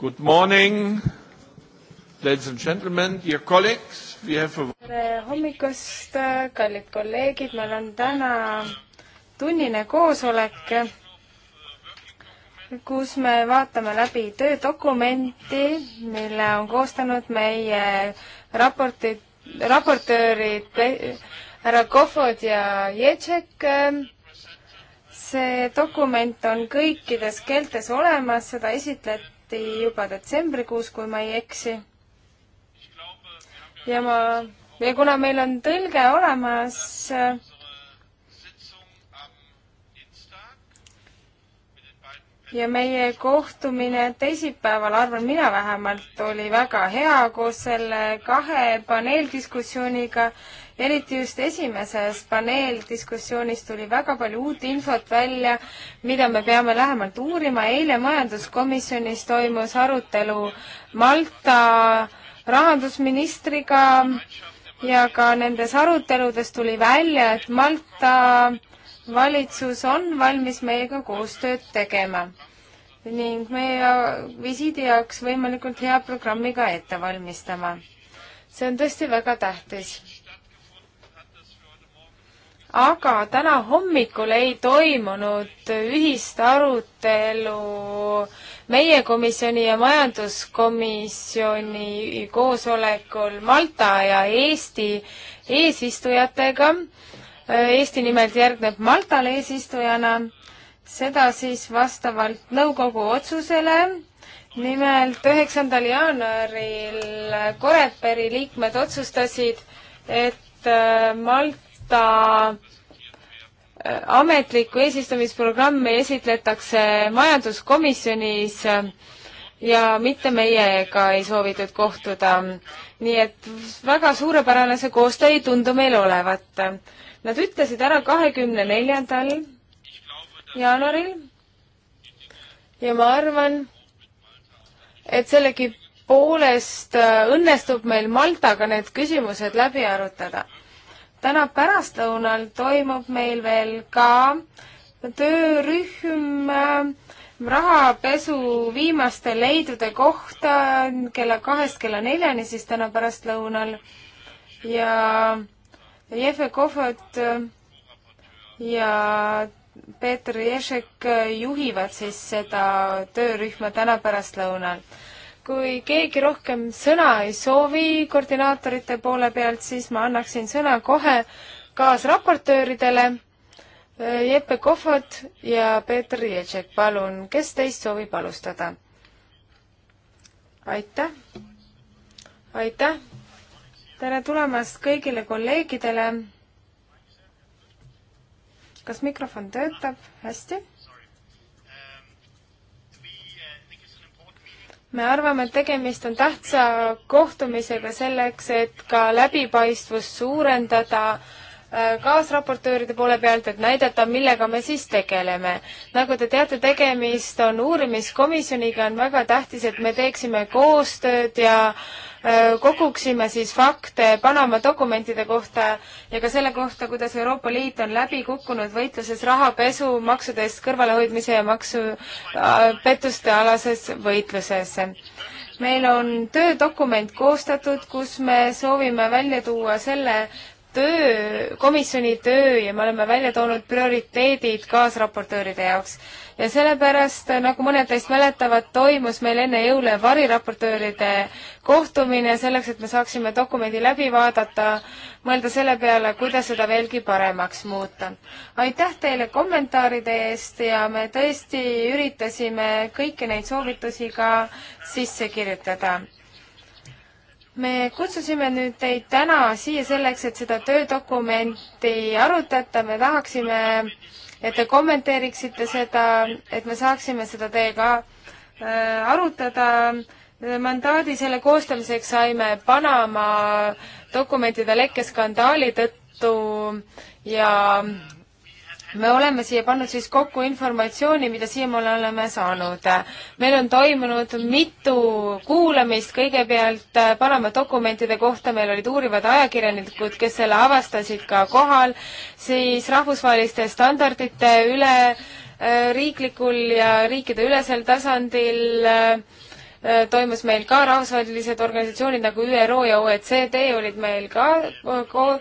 Good morning, ladies and gentlemen, dear colleagues. We have a... tere hommikust, kallid kolleegid, meil on täna tunnine koosolek, kus me vaatame läbi töödokumenti, mille on koostanud meie raportid, raportöörid härra Kofod ja Jetšek see dokument on kõikides keeltes olemas, seda esitleti algatati juba detsembrikuus, kui ma ei eksi. ja ma, ja kuna meil on tõlge olemas, ja meie kohtumine teisipäeval, arvan mina vähemalt, oli väga hea koos selle kahe paneeldiskussiooniga eriti just esimeses paneeldiskussioonis tuli väga palju uut infot välja, mida me peame lähemalt uurima. eile majanduskomisjonis toimus arutelu Malta rahandusministriga ja ka nendes aruteludes tuli välja, et Malta valitsus on valmis meiega koostööd tegema ning meie visiidi jaoks võimalikult hea programmi ka ette valmistama. see on tõesti väga tähtis aga täna hommikul ei toimunud ühist arutelu meie komisjoni ja majanduskomisjoni koosolekul Malta ja Eesti eesistujatega. Eesti nimelt järgneb Maltale eesistujana, seda siis vastavalt nõukogu otsusele. nimelt üheksandal jaanuaril Coreperi liikmed otsustasid, et äh, Malta kohta äh, ametlikku eesistumisprogrammi esitletakse majanduskomisjonis äh, ja mitte meiega ei soovitud kohtuda. nii et väga suurepärane see koostöö ei tundu meil olevat. Nad ütlesid ära kahekümne neljandal jaanuaril ja ma arvan, et sellegipoolest äh, õnnestub meil Maltaga need küsimused läbi arutada täna pärastlõunal toimub meil veel ka töörühm äh, rahapesu viimaste leidude kohta kella kahest kella neljani siis täna pärastlõunal ja Jefe Kohvat äh, ja Peeter Ješek äh, juhivad siis seda töörühma täna pärastlõunal kui keegi rohkem sõna ei soovi koordinaatorite poole pealt, siis ma annaksin sõna kohe kaasraportööridele. Jeppe Kohvat ja Peeter Jeltšek, palun, kes teist soovib alustada? aitäh, aitäh, tere tulemast kõigile kolleegidele. kas mikrofon töötab hästi? me arvame, et tegemist on tähtsa kohtumisega selleks, et ka läbipaistvust suurendada Äh, kaasraportööride poole pealt, et näidata, millega me siis tegeleme. nagu te teate, tegemist on uurimiskomisjoniga, on väga tähtis, et me teeksime koostööd ja äh, koguksime siis fakte Panama dokumentide kohta ja ka selle kohta, kuidas Euroopa Liit on läbi kukkunud võitluses rahapesu, maksudest kõrvalehoidmise ja maksupettuste äh, alases võitluses meil on töödokument koostatud, kus me soovime välja tuua selle, töö, komisjoni töö ja me oleme välja toonud prioriteedid kaasraportööride jaoks. ja sellepärast, nagu mõned teist mäletavad, toimus meil enne jõule variraportööride kohtumine selleks, et me saaksime dokumendi läbi vaadata, mõelda selle peale, kuidas seda veelgi paremaks muuta. aitäh teile kommentaaride eest ja me tõesti üritasime kõiki neid soovitusi ka sisse kirjutada me kutsusime nüüd teid täna siia selleks, et seda töödokumenti arutada, me tahaksime, et te kommenteeriksite seda, et me saaksime seda teiega äh, arutada. mandaadi selle koostamiseks saime Panama dokumentide lekkeskandaali tõttu ja me oleme siia pannud siis kokku informatsiooni, mida siiamaale oleme saanud. meil on toimunud mitu kuulamist, kõigepealt äh, Panama dokumentide kohta meil olid uurivad ajakirjanikud, kes selle avastasid ka kohal, siis rahvusvaheliste standardite üle äh, riiklikul ja riikide ülesel tasandil äh, Äh, toimus meil ka rahvusvahelised organisatsioonid nagu ÜRO ja OECD olid meil ka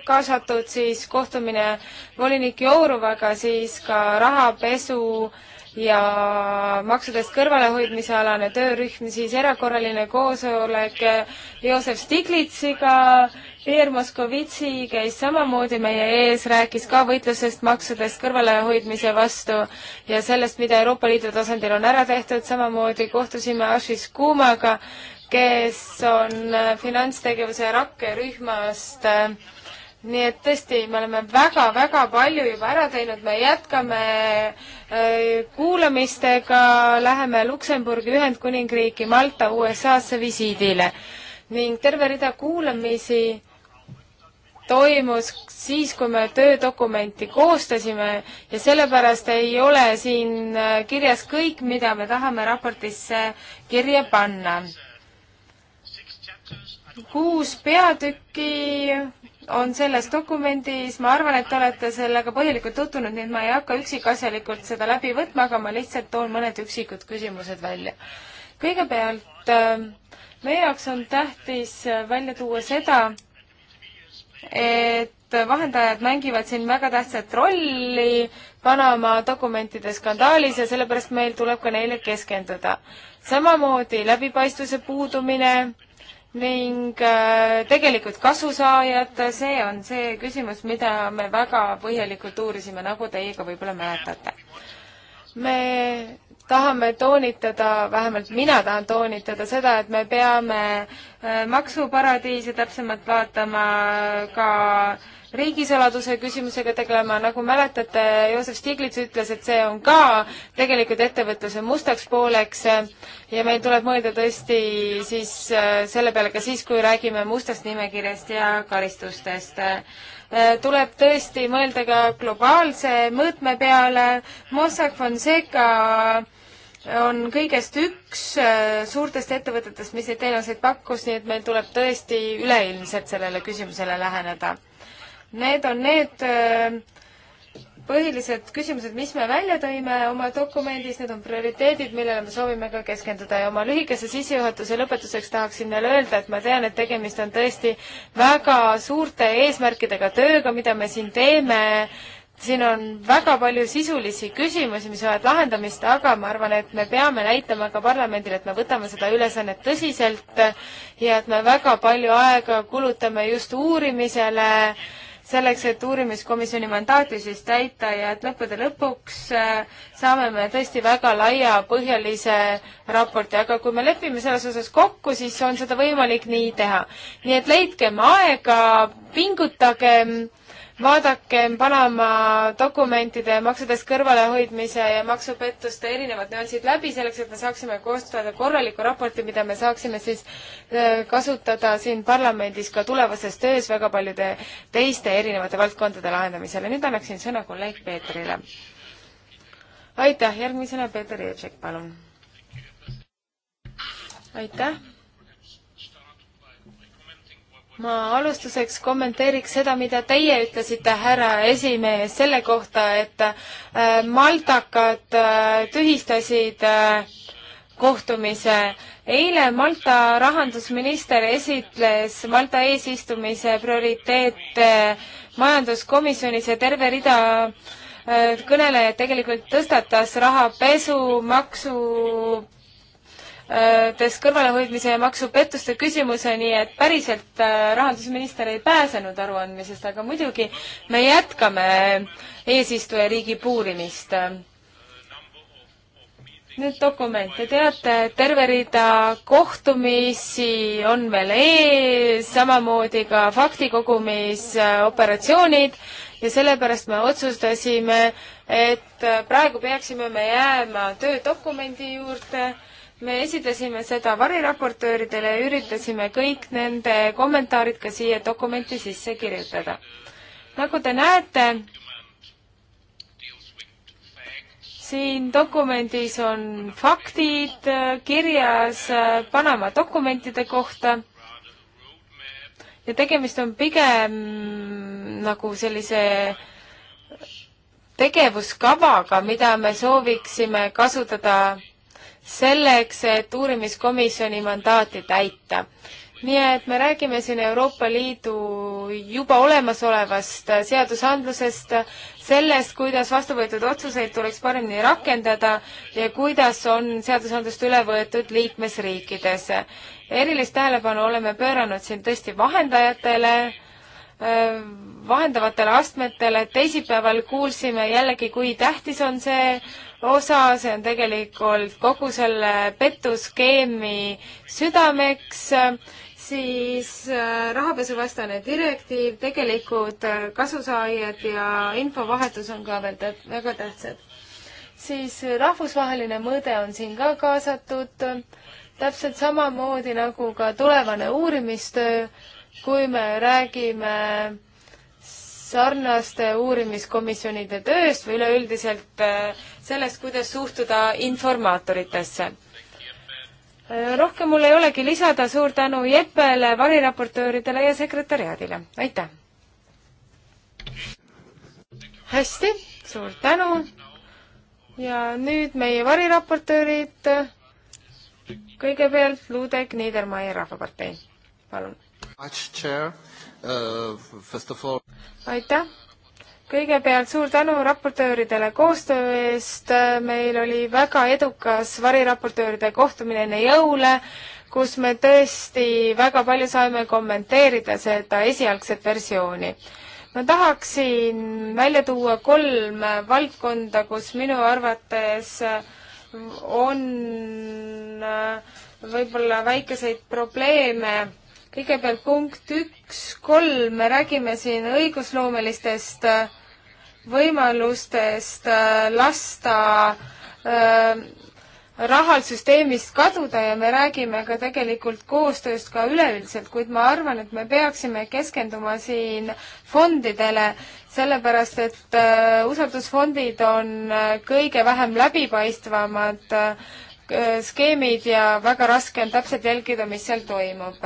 kaasatud, siis kohtumine volinik Jourovaga, siis ka rahapesu ja maksudest kõrvalehoidmise alane töörühm, siis erakorraline koosolek Joosef Stiglitsiga Pierre Moskovitsi käis samamoodi meie ees, rääkis ka võitlusest maksudest kõrvalehoidmise vastu ja sellest, mida Euroopa Liidu tasandil on ära tehtud, samamoodi kohtusime Ashis Kumaga, kes on äh, finantstegevuse rakkerühmast äh, nii et tõesti, me oleme väga-väga palju juba ära teinud, me jätkame äh, kuulamistega, läheme Luksemburgi, Ühendkuningriiki, Malta, USA-sse visiidile ning terve rida kuulamisi toimus siis, kui me töödokumenti koostasime ja sellepärast ei ole siin äh, kirjas kõik, mida me tahame raportisse kirja panna. kuus peatükki on selles dokumendis, ma arvan, et te olete sellega põhjalikult tutvunud, nii et ma ei hakka üksikasjalikult seda läbi võtma, aga ma lihtsalt toon mõned üksikud küsimused välja. kõigepealt äh, meie jaoks on tähtis välja tuua seda, et vahendajad mängivad siin väga tähtsat rolli Panama dokumentide skandaalis ja sellepärast meil tuleb ka neile keskenduda. samamoodi läbipaistvuse puudumine ning äh, tegelikult kasusaajad, see on see küsimus, mida me väga põhjalikult uurisime, nagu teiega võib-olla mäletate me tahame toonitada, vähemalt mina tahan toonitada seda, et me peame äh, maksuparadiise täpsemalt vaatama, ka riigisaladuse küsimusega tegelema, nagu mäletate, Joosep Stiglitz ütles, et see on ka tegelikult ettevõtluse mustaks pooleks ja meil tuleb mõelda tõesti siis äh, selle peale ka siis, kui räägime mustast nimekirjast ja karistustest Äh, tuleb tõesti mõelda ka globaalse mõõtme peale. Mossack Fonseca on kõigest üks äh, suurtest ettevõtetest, mis neid teenuseid pakkus, nii et meil tuleb tõesti üleilmselt sellele küsimusele läheneda. Need on need äh, põhilised küsimused, mis me välja tõime oma dokumendis, need on prioriteedid, millele me soovime ka keskenduda ja oma lühikese sissejuhatuse lõpetuseks tahaksin veel öelda, et ma tean, et tegemist on tõesti väga suurte eesmärkidega tööga, mida me siin teeme. siin on väga palju sisulisi küsimusi, mis vajavad lahendamist, aga ma arvan, et me peame näitama ka parlamendile, et me võtame seda ülesannet tõsiselt ja et me väga palju aega kulutame just uurimisele selleks, et uurimiskomisjoni mandaati siis täita ja et lõppude lõpuks äh, saame me tõesti väga laiapõhjalise raporti, aga kui me lepime selles osas kokku, siis on seda võimalik nii teha. nii et leidkem aega, pingutagem vaadakem Panama dokumentide maksudest kõrvalehoidmise ja maksupettuste erinevad nüansid läbi, selleks et me saaksime koostada korraliku raporti, mida me saaksime siis äh, kasutada siin parlamendis ka tulevases töös väga paljude teiste erinevate valdkondade lahendamisele. nüüd annaksin sõna kolleeg Peetrile. aitäh, järgmisena Peeter Jeetšek, palun. aitäh ma alustuseks kommenteeriks seda, mida teie ütlesite, härra esimees, selle kohta, et äh, maltakad äh, tühistasid äh, kohtumise. eile Malta rahandusminister esitles Malta eesistumise prioriteete majanduskomisjonis ja terve rida kõnelejad tegelikult tõstatas rahapesu, maksu maksudest äh, kõrvalehoidmise ja maksupettuste küsimuseni, et päriselt äh, rahandusminister ei pääsenud aruandmisest, aga muidugi me jätkame eesistujariigi puurimist. nüüd dokument, te teate, terve rida kohtumisi on veel ees, samamoodi ka faktikogumisoperatsioonid äh, ja sellepärast me otsustasime, et praegu peaksime me jääma töödokumendi juurde me esitasime seda variraportööridele ja üritasime kõik nende kommentaarid ka siia dokumenti sisse kirjutada. nagu te näete, siin dokumendis on faktid kirjas äh, Panama dokumentide kohta ja tegemist on pigem nagu sellise tegevuskavaga, mida me sooviksime kasutada selleks, et uurimiskomisjoni mandaati täita. nii et me räägime siin Euroopa Liidu juba olemasolevast seadusandlusest, sellest, kuidas vastu võetud otsuseid tuleks paremini rakendada ja kuidas on seadusandlust üle võetud liikmesriikides. erilist tähelepanu oleme pööranud siin tõesti vahendajatele, vahendavatele astmetele, teisipäeval kuulsime jällegi, kui tähtis on see, osa, see on tegelikult kogu selle pettuskeemi südameks, siis äh, rahapesuvastane direktiiv, tegelikud äh, kasusaajad ja infovahetus on ka veel väga tähtsad. siis äh, rahvusvaheline mõõde on siin ka kaasatud, täpselt samamoodi nagu ka tulevane uurimistöö, kui me räägime sarnaste uurimiskomisjonide tööst või üleüldiselt äh, sellest, kuidas suhtuda informaatoritesse. Äh, rohkem mul ei olegi lisada, suur tänu Jeppele, variraportööridele ja sekretäriaadile, aitäh! hästi, suur tänu ja nüüd meie variraportöörid, kõigepealt Luudek Niedermayer Rahvapartei, palun! uh,. aitäh! kõigepealt suur tänu raportööridele koostöö eest, meil oli väga edukas variraportööride kohtumine enne jõule, kus me tõesti väga palju saime kommenteerida seda esialgset versiooni. ma tahaksin välja tuua kolm valdkonda, kus minu arvates on võib-olla väikeseid probleeme kõigepealt punkt üks, kolm, me räägime siin õigusloomelistest äh, võimalustest äh, lasta äh, rahal süsteemist kaduda ja me räägime ka tegelikult koostööst ka üleüldiselt, kuid ma arvan, et me peaksime keskenduma siin fondidele, sellepärast et äh, usaldusfondid on äh, kõige vähem läbipaistvamad äh, skeemid ja väga raske on täpselt jälgida, mis seal toimub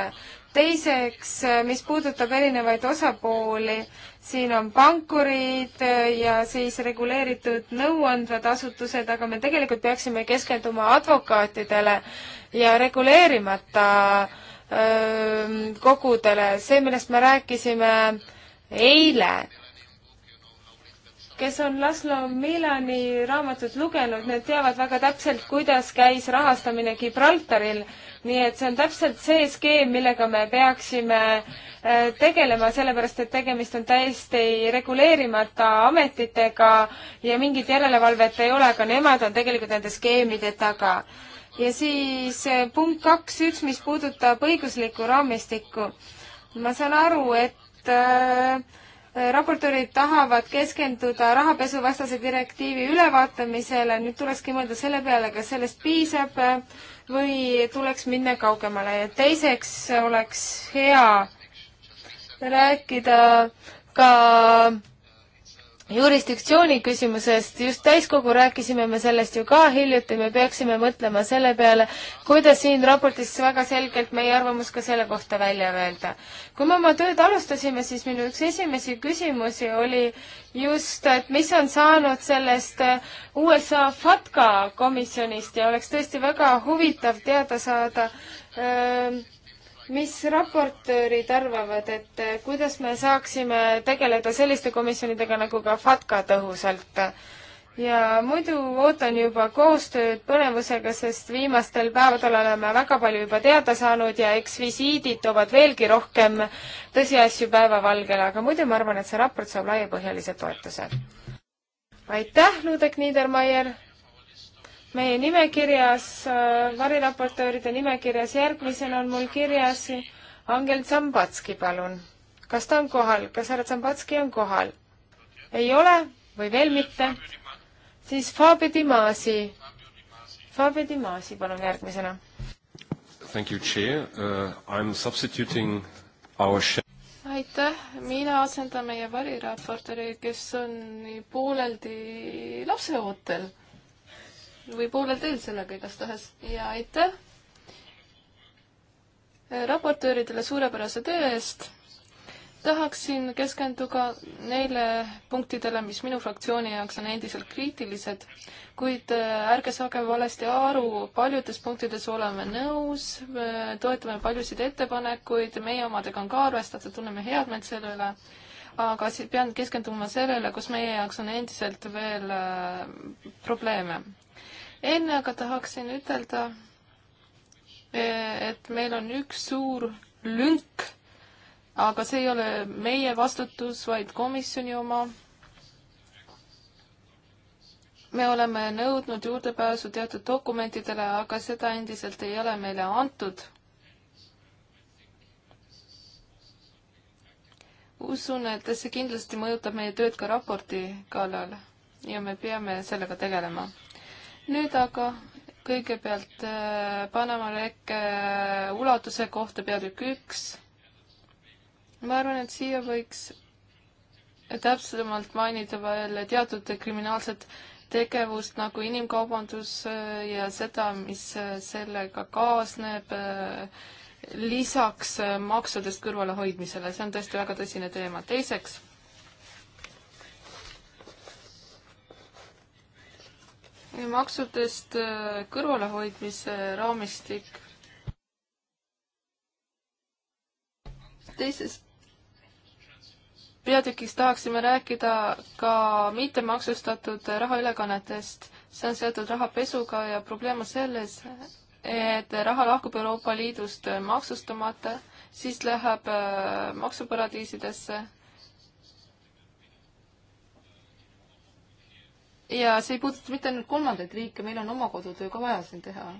teiseks, mis puudutab erinevaid osapooli, siin on pankurid ja siis reguleeritud nõuandvad asutused, aga me tegelikult peaksime keskenduma advokaatidele ja reguleerimata öö, kogudele, see, millest me rääkisime eile kes on Laslo Milani raamatut lugenud, need teavad väga täpselt, kuidas käis rahastamine Gibraltaril. nii et see on täpselt see skeem, millega me peaksime äh, tegelema, sellepärast et tegemist on täiesti reguleerimata ametitega ja mingit järelevalvet ei ole, aga nemad on tegelikult nende skeemide taga. ja siis äh, punkt kaks, üks, mis puudutab õiguslikku raamistikku. ma saan aru, et äh, raportöörid tahavad keskenduda rahapesuvastase direktiivi ülevaatamisele, nüüd tulekski mõelda selle peale, kas sellest piisab äh, või tuleks minna kaugemale ja teiseks oleks hea rääkida ka jurisdiktsiooni küsimusest, just täiskogu rääkisime me sellest ju ka hiljuti, me peaksime mõtlema selle peale, kuidas siin raportis väga selgelt meie arvamus ka selle kohta välja öelda. kui me oma tööd alustasime, siis minu üks esimesi küsimusi oli just, et mis on saanud sellest USA FATCA komisjonist ja oleks tõesti väga huvitav teada saada öö, ähm, mis raportöörid arvavad, et eh, kuidas me saaksime tegeleda selliste komisjonidega nagu ka FATKA tõhusalt? ja muidu ootan juba koostööd põnevusega, sest viimastel päevadel oleme väga palju juba teada saanud ja eks visiidid toovad veelgi rohkem tõsiasju päevavalgele, aga muidu ma arvan, et see raport saab laiapõhjalise toetuse. aitäh, Luudek Niedermeier! meie nimekirjas, äh, variraportööride nimekirjas, järgmisena on mul kirjas Angel Zambatski, palun. kas ta on kohal, kas härra Zambatski on kohal? ei ole või veel mitte? siis Fabio Di Masi. Fabio Di Masi, palun järgmisena. Thank you, chair uh,. I am substituting our aitäh, mina asendan meie variraportööri, kes on pooleldi lapseootel või poolel teel sellega igastahes ja aitäh eh, raportööridele suurepärase töö eest. tahaksin keskenduda neile punktidele, mis minu fraktsiooni jaoks on endiselt kriitilised, kuid eh, ärge saage valesti aru, paljudes punktides oleme nõus, toetame paljusid ettepanekuid, meie omadega on ka arvestatud, tunneme head meelt selle üle aga pean keskenduma sellele, kus meie jaoks on endiselt veel eh, probleeme enne aga tahaksin ütelda, e, et meil on üks suur lünk, aga see ei ole meie vastutus, vaid komisjoni oma. me oleme nõudnud juurdepääsu teatud dokumentidele, aga seda endiselt ei ole meile antud usun, et see kindlasti mõjutab meie tööd ka raporti kallal ja me peame sellega tegelema nüüd aga kõigepealt äh, Panama lekke äh, ulatuse kohta peatükk üks. ma arvan, et siia võiks täpsemalt mainida veel teatud kriminaalset tegevust nagu inimkaubandus äh, ja seda, mis sellega kaasneb, lisaks maksudest kõrvalehoidmisele, see on tõesti väga tõsine teema. teiseks maksudest äh, kõrvalehoidmise raamistik. teises peatükis tahaksime rääkida ka mittemaksustatud rahaülekannetest. see on seotud rahapesuga ja probleem on selles, et raha lahkub Euroopa Liidust maksustamata, siis läheb äh, maksuparadiisidesse ja see ei puuduta mitte ainult kolmandaid riike, meil on oma kodutöö ka vaja siin teha.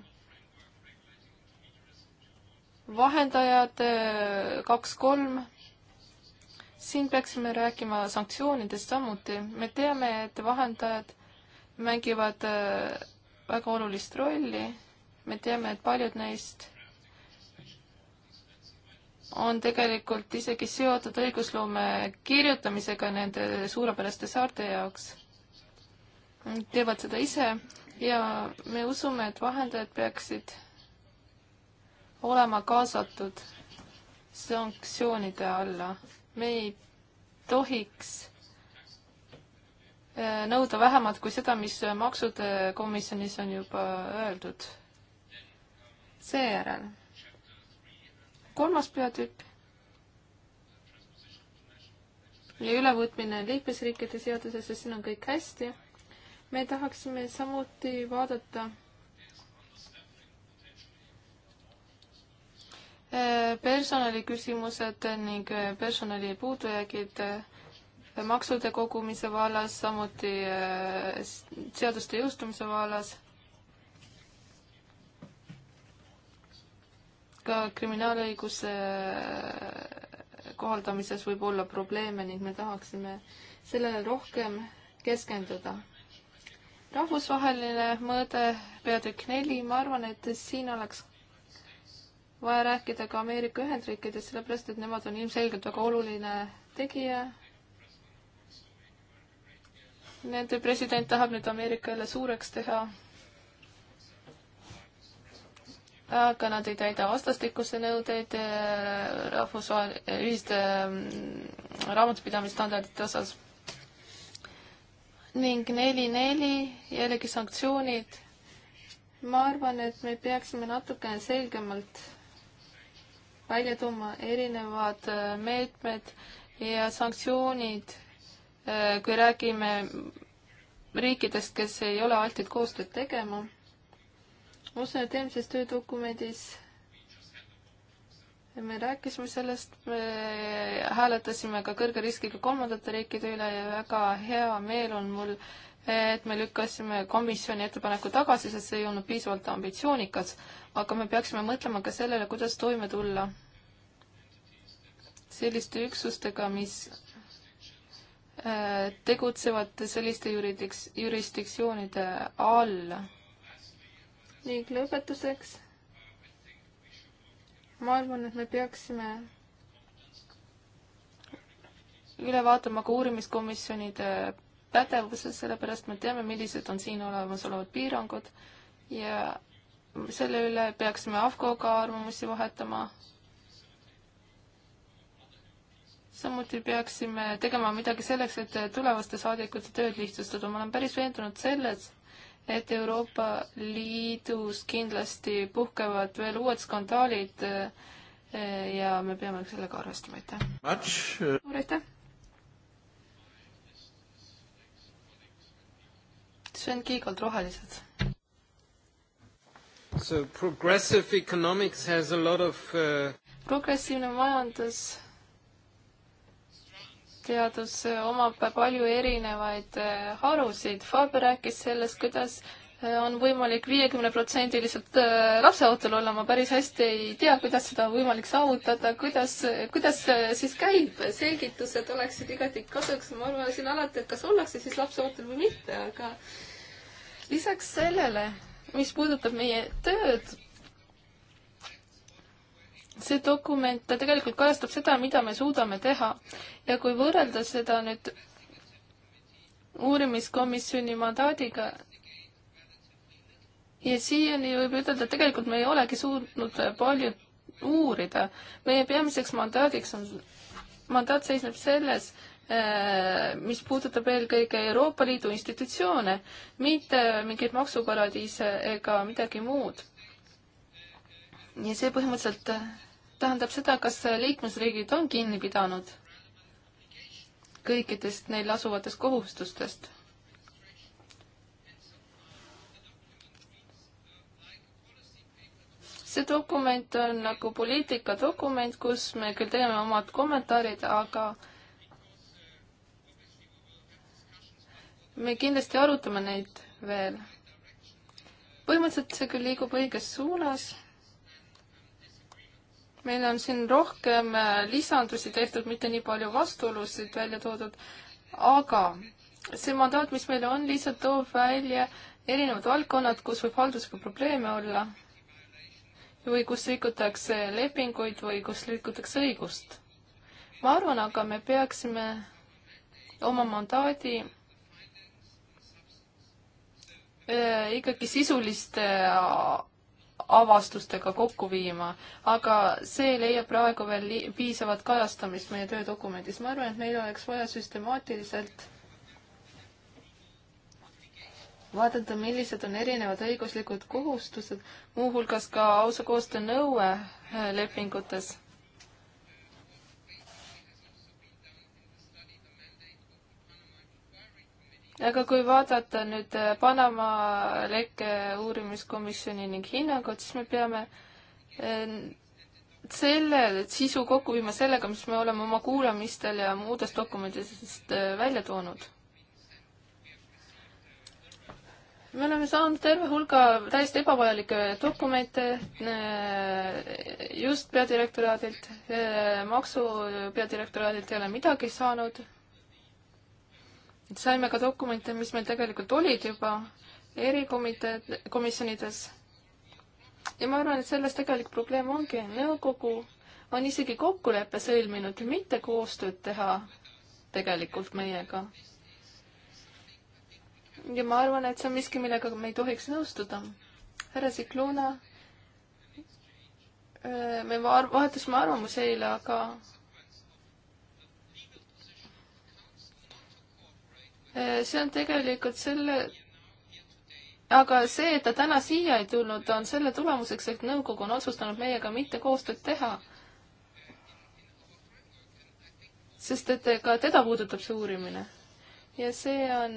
vahendajad eh, kaks-kolm, siin peaksime rääkima sanktsioonidest samuti. me teame, et vahendajad mängivad eh, väga olulist rolli. me teame, et paljud neist on tegelikult isegi seotud õigusloome kirjutamisega nende suurepäraste saarte jaoks teevad seda ise ja me usume, et vahendajad peaksid olema kaasatud sanktsioonide alla. me ei tohiks eh, nõuda vähemat kui seda, mis maksude komisjonis on juba öeldud. seejärel kolmas peatükk ja ülevõtmine liikmesriikide seadusesse, siin on kõik hästi me tahaksime samuti vaadata eh, personaliküsimused ning eh, personali puudujäägid eh, maksude kogumise vallas, samuti seaduste jõustumise vallas, ka kriminaalõiguse kohaldamises võib olla probleeme ning me tahaksime sellele rohkem keskenduda rahvusvaheline mõõde, peatükk neli, ma arvan, et siin oleks vaja rääkida ka Ameerika Ühendriikidest, sellepärast et nemad on ilmselgelt väga oluline tegija. Nende president tahab nüüd Ameerika jälle suureks teha. aga nad ei täida vastastikuse nõudeid äh, rahvusvahel-, ühiste äh, raamatupidamisstandardite osas ning neli, neli, jällegi sanktsioonid. ma arvan, et me peaksime natukene selgemalt välja tooma erinevad äh, meetmed ja sanktsioonid, äh, kui räägime riikidest, kes ei ole altid koostööd tegema. ma usun, et eelmises töödokumendis me rääkisime sellest, me hääletasime ka kõrge riskiga kolmandate riikide üle ja väga hea meel on mul, et me lükkasime komisjoni ettepaneku tagasi, sest see ei olnud piisavalt ambitsioonikas, aga me peaksime mõtlema ka sellele, kuidas toime tulla selliste üksustega, mis äh, tegutsevad selliste juridiks, jurisdiktsioonide all. ning lõpetuseks ma arvan, et me peaksime üle vaatama ka uurimiskomisjonide pädevuse, sellepärast me teame, millised on siin olemasolevad piirangud ja selle üle peaksime AFCO-ga arvamusi vahetama. samuti peaksime tegema midagi selleks, et tulevaste saadikute tööd lihtsustada, ma olen päris veendunud selles, et Euroopa Liidus kindlasti puhkevad veel uued skandaalid eh, ja me peame sellega arvestama, aitäh. Eh. suur aitäh. Sven Kiigold, Rohelised. So progressive economics has a lot of uh... progressiivne majandus teadus omab palju erinevaid äh, harusid. Faber rääkis sellest, kuidas äh, on võimalik viiekümneprotsendiliselt äh, lapse autol olla, ma päris hästi ei tea, kuidas seda on võimalik saavutada, kuidas, kuidas siis käib, selgitused oleksid igati kasuks, ma arvasin alati, et kas ollakse siis lapse ootel või mitte, aga lisaks sellele, mis puudutab meie tööd, see dokument tegelikult kajastab seda, mida me suudame teha ja kui võrrelda seda nüüd uurimiskomisjoni mandaadiga, ja siiani võib ütelda, et tegelikult me ei olegi suutnud palju uurida. meie peamiseks mandaadiks on, mandaat seisneb selles, äh, mis puudutab eelkõige Euroopa Liidu institutsioone, mitte mingeid maksuparadiise ega midagi muud ja see põhimõtteliselt äh, tähendab seda, kas äh, liikmesriigid on kinni pidanud kõikidest neil asuvatest kohustustest. see dokument on nagu poliitikadokument, kus me küll teeme omad kommentaarid, aga me kindlasti arutame neid veel. põhimõtteliselt see küll liigub õiges suunas meil on siin rohkem äh, lisandusi tehtud, mitte nii palju vastuolusid välja toodud, aga see mandaat, mis meil on, lihtsalt toob välja erinevad valdkonnad, kus võib haldusega probleeme olla või kus rikutakse lepinguid või kus rikutakse õigust. ma arvan, aga me peaksime oma mandaadi äh, ikkagi sisuliste avastustega kokku viima, aga see ei leia praegu veel piisavat kajastamist meie töödokumendis. ma arvan, et meil oleks vaja süstemaatiliselt vaadata, millised on erinevad õiguslikud kohustused, muuhulgas ka ausa koostöö nõue äh, lepingutes aga kui vaadata nüüd äh, Panama lekke uurimiskomisjoni ning hinnangut, siis me peame äh, selle sisu kokku viima sellega, mis me oleme oma kuulamistel ja muudest dokumentidest äh, välja toonud. me oleme saanud terve hulga täiesti ebavajalikke dokumente just peadirektoraadilt, maksu peadirektoraadilt ei ole midagi saanud saime ka dokumente, mis meil tegelikult olid juba erikomiteed, komisjonides. ja ma arvan, et selles tegelik probleem ongi, nõukogu on isegi kokkuleppe sõlminud, mitte koostööd teha tegelikult meiega. ja ma arvan, et see on miski, millega me ei tohiks nõustuda. härra Sikluna, me vahetasime arvamusi eile, aga Äh, see on tegelikult selle, aga see, et ta täna siia ei tulnud, on selle tulemuseks, et nõukogu on otsustanud meiega mitte koostööd teha. sest et ka teda puudutab see uurimine. ja see on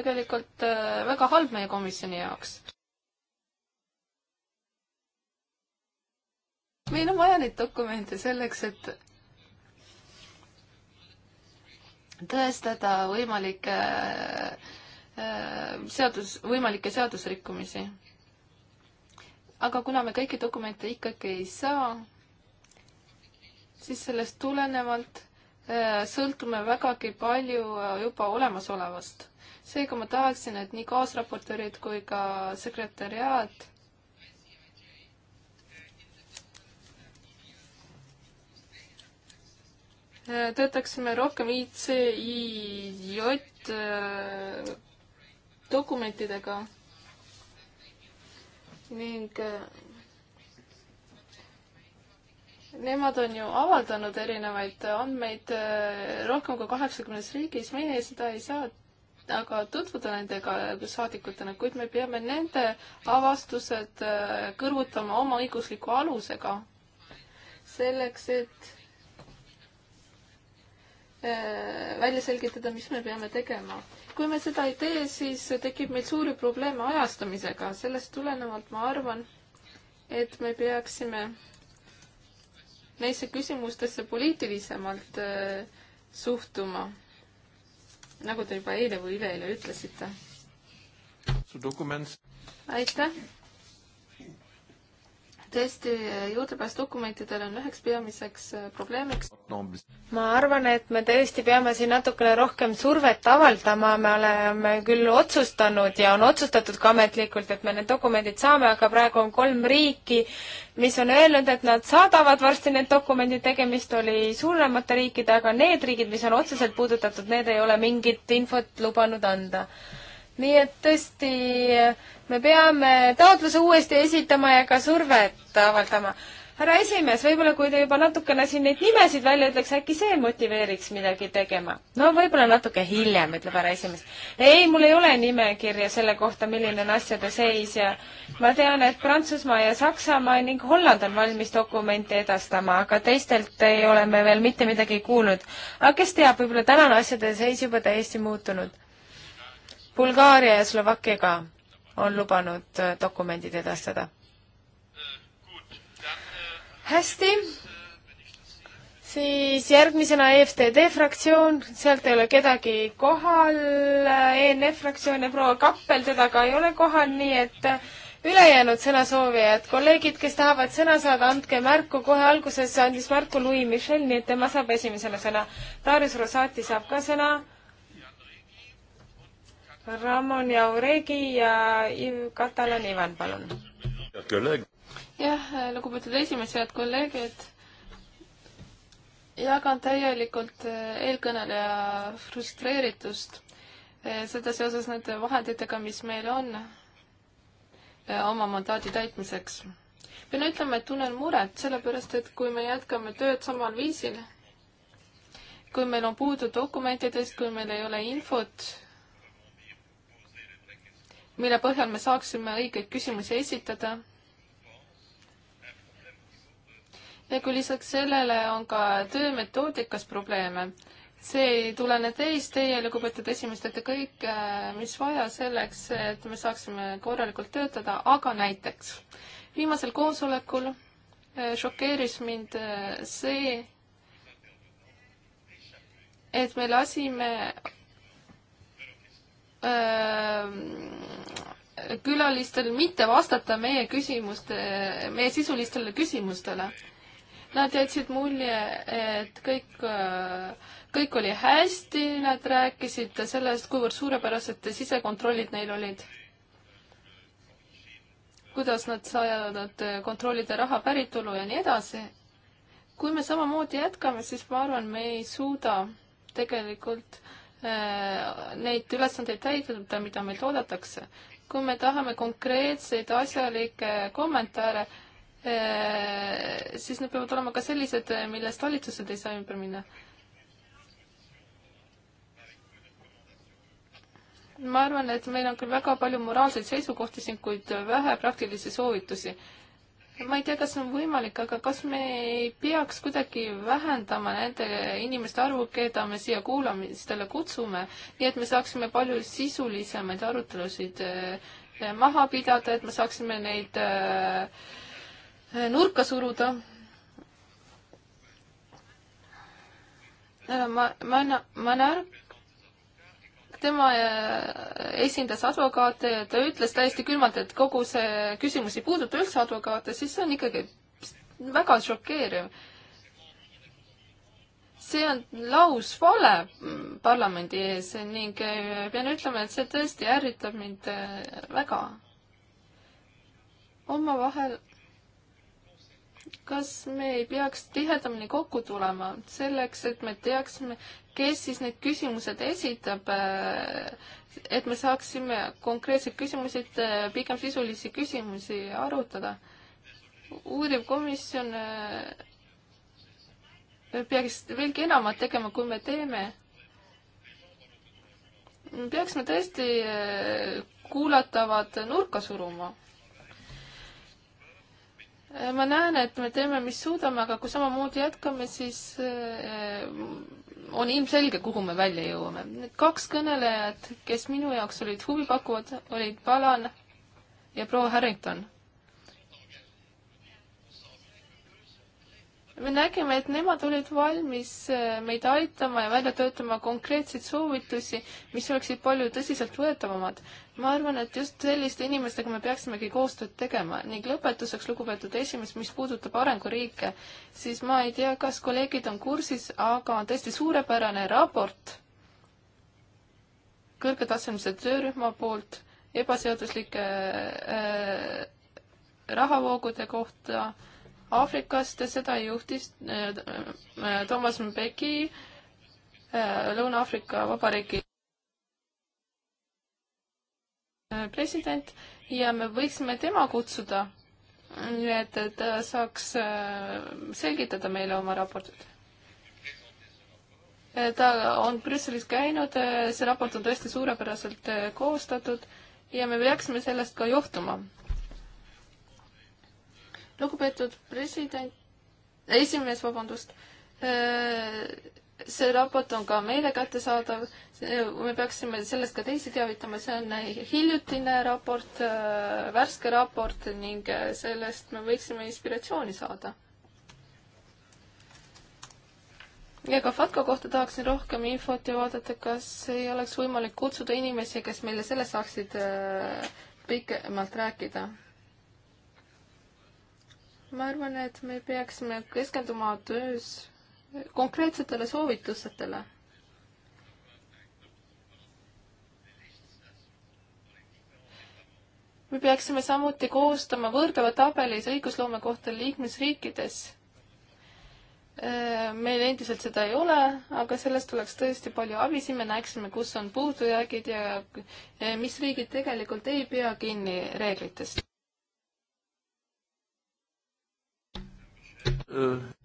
tegelikult äh, väga halb meie komisjoni jaoks. meil on vaja neid dokumente selleks, et tõestada võimalikke äh, seadus, võimalikke seadusrikkumisi. aga kuna me kõiki dokumente ikkagi ei saa, siis sellest tulenevalt äh, sõltume vägagi palju äh, juba olemasolevast. seega ma tahaksin, et nii kaasraportöörid kui ka sekretäriaat töötaksime rohkem ICIJ äh, dokumentidega ning äh, nemad on ju avaldanud erinevaid andmeid äh, rohkem kui kaheksakümnes riigis, meie seda ei saa aga tutvuda nendega saadikutena, kuid me peame nende avastused kõrvutama oma õigusliku alusega. selleks, et Äh, välja selgitada, mis me peame tegema. kui me seda ei tee, siis tekib meil suuri probleeme ajastamisega, sellest tulenevalt ma arvan, et me peaksime neisse küsimustesse poliitilisemalt äh, suhtuma, nagu te juba eile või üleeile ütlesite. aitäh tõesti, juurdepääs dokumentidele on üheks peamiseks äh, probleemiks. ma arvan, et me tõesti peame siin natukene rohkem survet avaldama, me oleme küll otsustanud ja on otsustatud ka ametlikult, et me need dokumendid saame, aga praegu on kolm riiki, mis on öelnud, et nad saadavad varsti need dokumendid, tegemist oli suuremate riikidega, need riigid, mis on otseselt puudutatud, need ei ole mingit infot lubanud anda nii et tõesti, me peame taotluse uuesti esitama ja ka survet avaldama. härra esimees, võib-olla kui te juba natukene siin neid nimesid välja ütleks, äkki see motiveeriks midagi tegema? no võib-olla natuke hiljem, ütleb härra esimees. ei, mul ei ole nimekirja selle kohta, milline on asjade seis ja ma tean, et Prantsusmaa ja Saksamaa ning Holland on valmis dokumente edastama, aga teistelt ei ole me veel mitte midagi kuulnud. aga kes teab, võib-olla tänane asjade seis juba täiesti muutunud Bulgaaria ja Slovakkia ka on lubanud äh, dokumendid edastada. hästi, siis järgmisena EFTD fraktsioon, sealt ei ole kedagi kohal, äh, ENF fraktsioon ja proua Kappel, teda ka ei ole kohal, nii et äh, ülejäänud sõnasoovijad, kolleegid, kes tahavad sõna saada, andke märku, kohe alguses andis märku Louis Michel, nii et tema saab esimesena sõna. Darius Rosati saab ka sõna Ramon Jauregi ja Iv Katalan Ivan, palun. jah, lugupeetud esimees, head kolleegid. jagan täielikult eh, eelkõneleja frustreeritust, eh, seda seoses nende vahenditega, mis meil on eh, oma mandaadi täitmiseks. pean ütlema, et tunnen muret, sellepärast et kui me jätkame tööd samal viisil, kui meil on puudu dokumentidest, kui meil ei ole infot mille põhjal me saaksime õigeid küsimusi esitada. ja kui lisaks sellele on ka töömetoodikas probleeme, see ei tulene teist, teie lugupeetud esimees, teete kõik, äh, mis vaja selleks, et me saaksime korralikult töötada, aga näiteks viimasel koosolekul äh, šokeeris mind äh, see, et me lasime külalistel mitte vastata meie küsimuste, meie sisulistele küsimustele. Nad jätsid mulje, et kõik, kõik oli hästi, nad rääkisid sellest, kuivõrd suurepärased sisekontrollid neil olid. kuidas nad saavad kontrollida raha päritolu ja nii edasi. kui me samamoodi jätkame, siis ma arvan, me ei suuda tegelikult neid ülesandeid täideta, mida meilt oodatakse. kui me tahame konkreetseid asjalikke kommentaare, eh, siis need peavad olema ka sellised, millest valitsused ei saa ümber minna. ma arvan, et meil on küll väga palju moraalseid seisukohti siin, kuid vähe praktilisi soovitusi ma ei tea, kas on võimalik, aga kas me ei peaks kuidagi vähendama nende inimeste arvu, keda me siia kuulamistele kutsume, nii et me saaksime palju sisulisemaid arutelusid eh, maha pidada, et me saaksime neid eh, nurka suruda. ma, ma, ma märk-, tema äh, esindas advokaate ja ta ütles täiesti külmalt, et kogu see küsimus ei puuduta üldse advokaate, siis see on ikkagi väga šokeeriv. see on lausvale parlamendi ees ning äh, pean ütlema, et see tõesti ärritab mind äh, väga. omavahel kas me ei peaks tihedamini kokku tulema selleks, et me teaksime, kes siis need küsimused esitab, äh, et me saaksime konkreetseid küsimusi, äh, pigem sisulisi küsimusi arutada. uuriv komisjon äh, peaks veelgi enamat tegema, kui me teeme. peaksime tõesti kuulatavad nurka suruma Äh, ma näen, et me teeme, mis suudame, aga kui samamoodi jätkame, siis äh, on ilmselge, kuhu me välja jõuame. Need kaks kõnelejat, kes minu jaoks olid huvipakkuvad, olid Palan ja proua Harrington. me nägime, et nemad olid valmis äh, meid aitama ja välja töötama konkreetseid soovitusi, mis oleksid palju tõsiseltvõetavamad. ma arvan, et just selliste inimestega me peaksimegi koostööd tegema ning lõpetuseks, lugupeetud esimees, mis puudutab arenguriike, siis ma ei tea, kas kolleegid on kursis, aga on tõesti suurepärane raport kõrgetasemelise töörühma poolt ebaseaduslike äh, äh rahavoogude kohta äh, Aafrikast, seda juhtis äh, äh, Thomas Mbeki äh, Lõuna-Aafrika Vabariigi president ja me võiksime tema kutsuda, nii et ta saaks selgitada meile oma raportit ta on Brüsselis käinud, see raport on tõesti suurepäraselt koostatud ja me peaksime sellest ka juhtuma lugupeetud president, äh, esimees, vabandust, äh, see raport on ka meile kättesaadav, me peaksime sellest ka teisi teavitama, see on hiljutine raport, äh, värske raport ning sellest me võiksime inspiratsiooni saada. ja ka FATCO kohta tahaksin rohkem infot ja vaadata, kas ei oleks võimalik kutsuda inimesi, kes meile sellest saaksid pikemalt rääkida ma arvan, et me peaksime keskenduma töös konkreetsetele soovitusetele. me peaksime samuti koostama võrdleva tabeli õigusloome kohta liikmesriikides. meil endiselt seda ei ole, aga sellest oleks tõesti palju abi, siis me näeksime, kus on puudujäägid ja e, mis riigid tegelikult ei pea kinni reeglitest.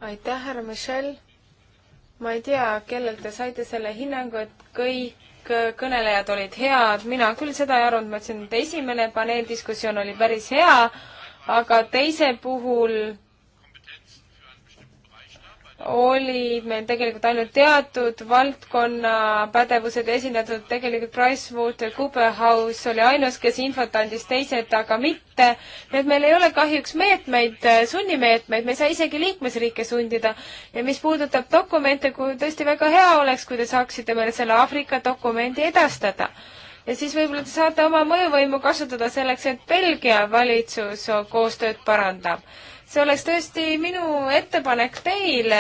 aitäh, härra Michel. ma ei tea, kellelt te saite selle hinnangu, et kõik kõnelejad olid head, mina küll seda ei arvanud, ma ütlesin, et esimene paneeldiskussioon oli päris hea, aga teise puhul olid meil tegelikult ainult teatud valdkonna pädevused esindatud, tegelikult PricewaterhouseCoopers oli ainus, kes infot andis, teised aga mitte. nii et meil ei ole kahjuks meetmeid, sunnimeetmeid, me ei saa isegi liikmesriike sundida. ja mis puudutab dokumente, kui tõesti väga hea oleks, kui te saaksite meile selle Aafrika dokumendi edastada ja siis võib-olla te saate oma mõjuvõimu kasutada selleks, et Belgia valitsus koostööd parandab see oleks tõesti minu ettepanek teile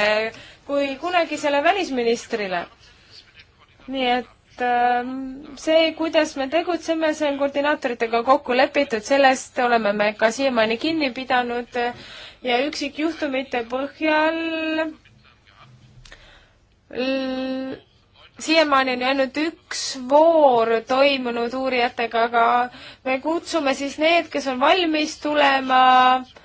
kui kunagisele välisministrile. nii et ähm, see, kuidas me tegutseme, see on koordinaatoritega kokku lepitud, sellest oleme me ka siiamaani kinni pidanud ja üksikjuhtumite põhjal siiamaani on ainult üks voor toimunud uurijatega, aga me kutsume siis need, kes on valmis tulema äh,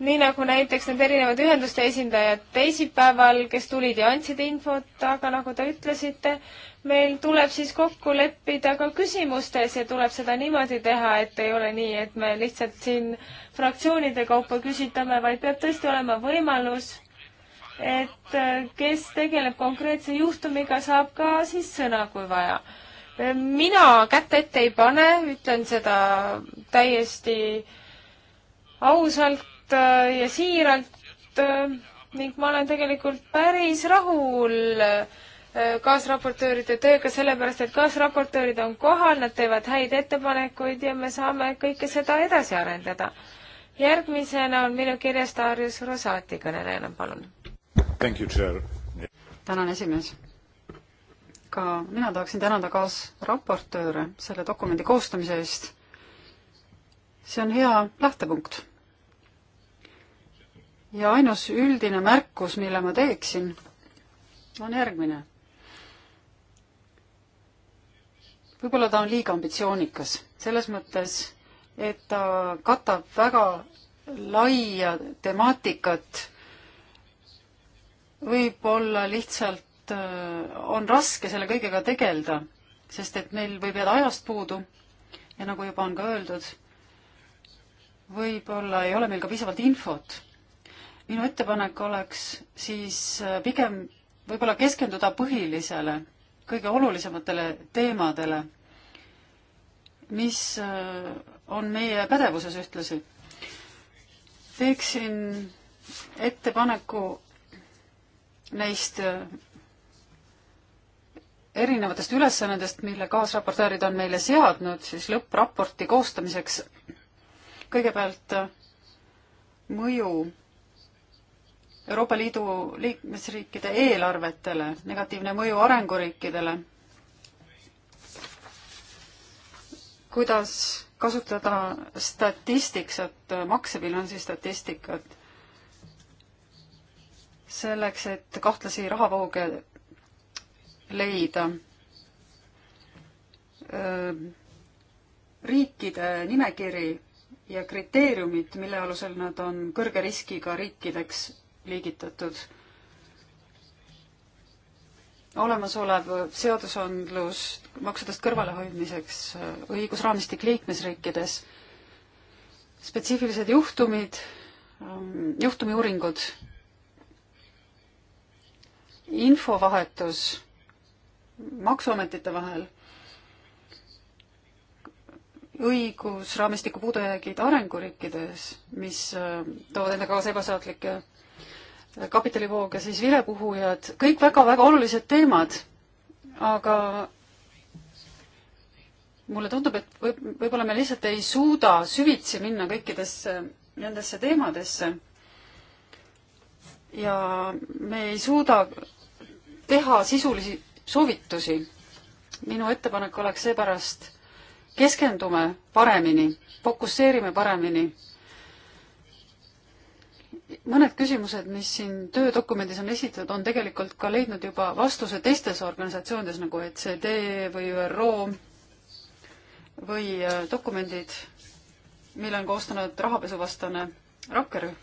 nii nagu näiteks need erinevad ühenduste esindajad teisipäeval, kes tulid ja andsid infot, aga nagu te ütlesite, meil tuleb siis kokku leppida ka küsimustes ja tuleb seda niimoodi teha, et ei ole nii, et me lihtsalt siin fraktsioonide kaupa küsitame, vaid peab tõesti olema võimalus, et äh, kes tegeleb konkreetse juhtumiga, saab ka siis sõna, kui vaja. mina kätt ette ei pane, ütlen seda täiesti ausalt Äh, ja siiralt äh, ning ma olen tegelikult päris rahul äh, kaasraportööride tööga, sellepärast et kaasraportöörid on kohal, nad teevad häid ettepanekuid ja me saame kõike seda edasi arendada. järgmisena on minu kirjas Darius Rosati kõnelejana, palun. tänan, esimees. ka mina tahaksin tänada kaasraportööre selle dokumendi koostamise eest. see on hea lähtepunkt ja ainus üldine märkus, mille ma teeksin, on järgmine. võib-olla ta on liiga ambitsioonikas, selles mõttes, et ta katab väga laia temaatikat, võib-olla lihtsalt äh, on raske selle kõigega tegeleda, sest et meil võib jääda ajast puudu ja nagu juba on ka öeldud, võib-olla ei ole meil ka piisavalt infot minu ettepanek oleks siis äh, pigem võib-olla keskenduda põhilisele, kõige olulisematele teemadele, mis äh, on meie pädevuses ühtlasi. teeksin ettepaneku neist äh, erinevatest ülesannetest, mille kaasraportöörid on meile seadnud siis lõppraporti koostamiseks. kõigepealt mõju Euroopa Liidu liikmesriikide eelarvetele, negatiivne mõju arenguriikidele. kuidas kasutada statistikat, maksebilansi statistikat, selleks, et kahtlasi rahavooge leida. riikide nimekiri ja kriteeriumid, mille alusel nad on kõrge riskiga riikideks liigitatud. olemasolev seadusandlus maksudest kõrvalehoidmiseks, äh, õigusraamistik liikmesriikides, spetsiifilised juhtumid, ähm, juhtumiuuringud, infovahetus maksuametite vahel õigusraamistiku puudujäägid arenguriikides, mis äh, toovad enda kaasa ebaseaduslikke kapitalivoog ja siis vilepuhujad, kõik väga-väga olulised teemad, aga mulle tundub, et võib, võib-olla me lihtsalt ei suuda süvitsi minna kõikidesse nendesse teemadesse. ja me ei suuda teha sisulisi soovitusi. minu ettepanek oleks seepärast, keskendume paremini, fokusseerime paremini mõned küsimused, mis siin töödokumendis on esitatud, on tegelikult ka leidnud juba vastuse teistes organisatsioonides nagu ECD või ÜRO või äh, dokumendid, mille on koostanud rahapesuvastane rakkerühm.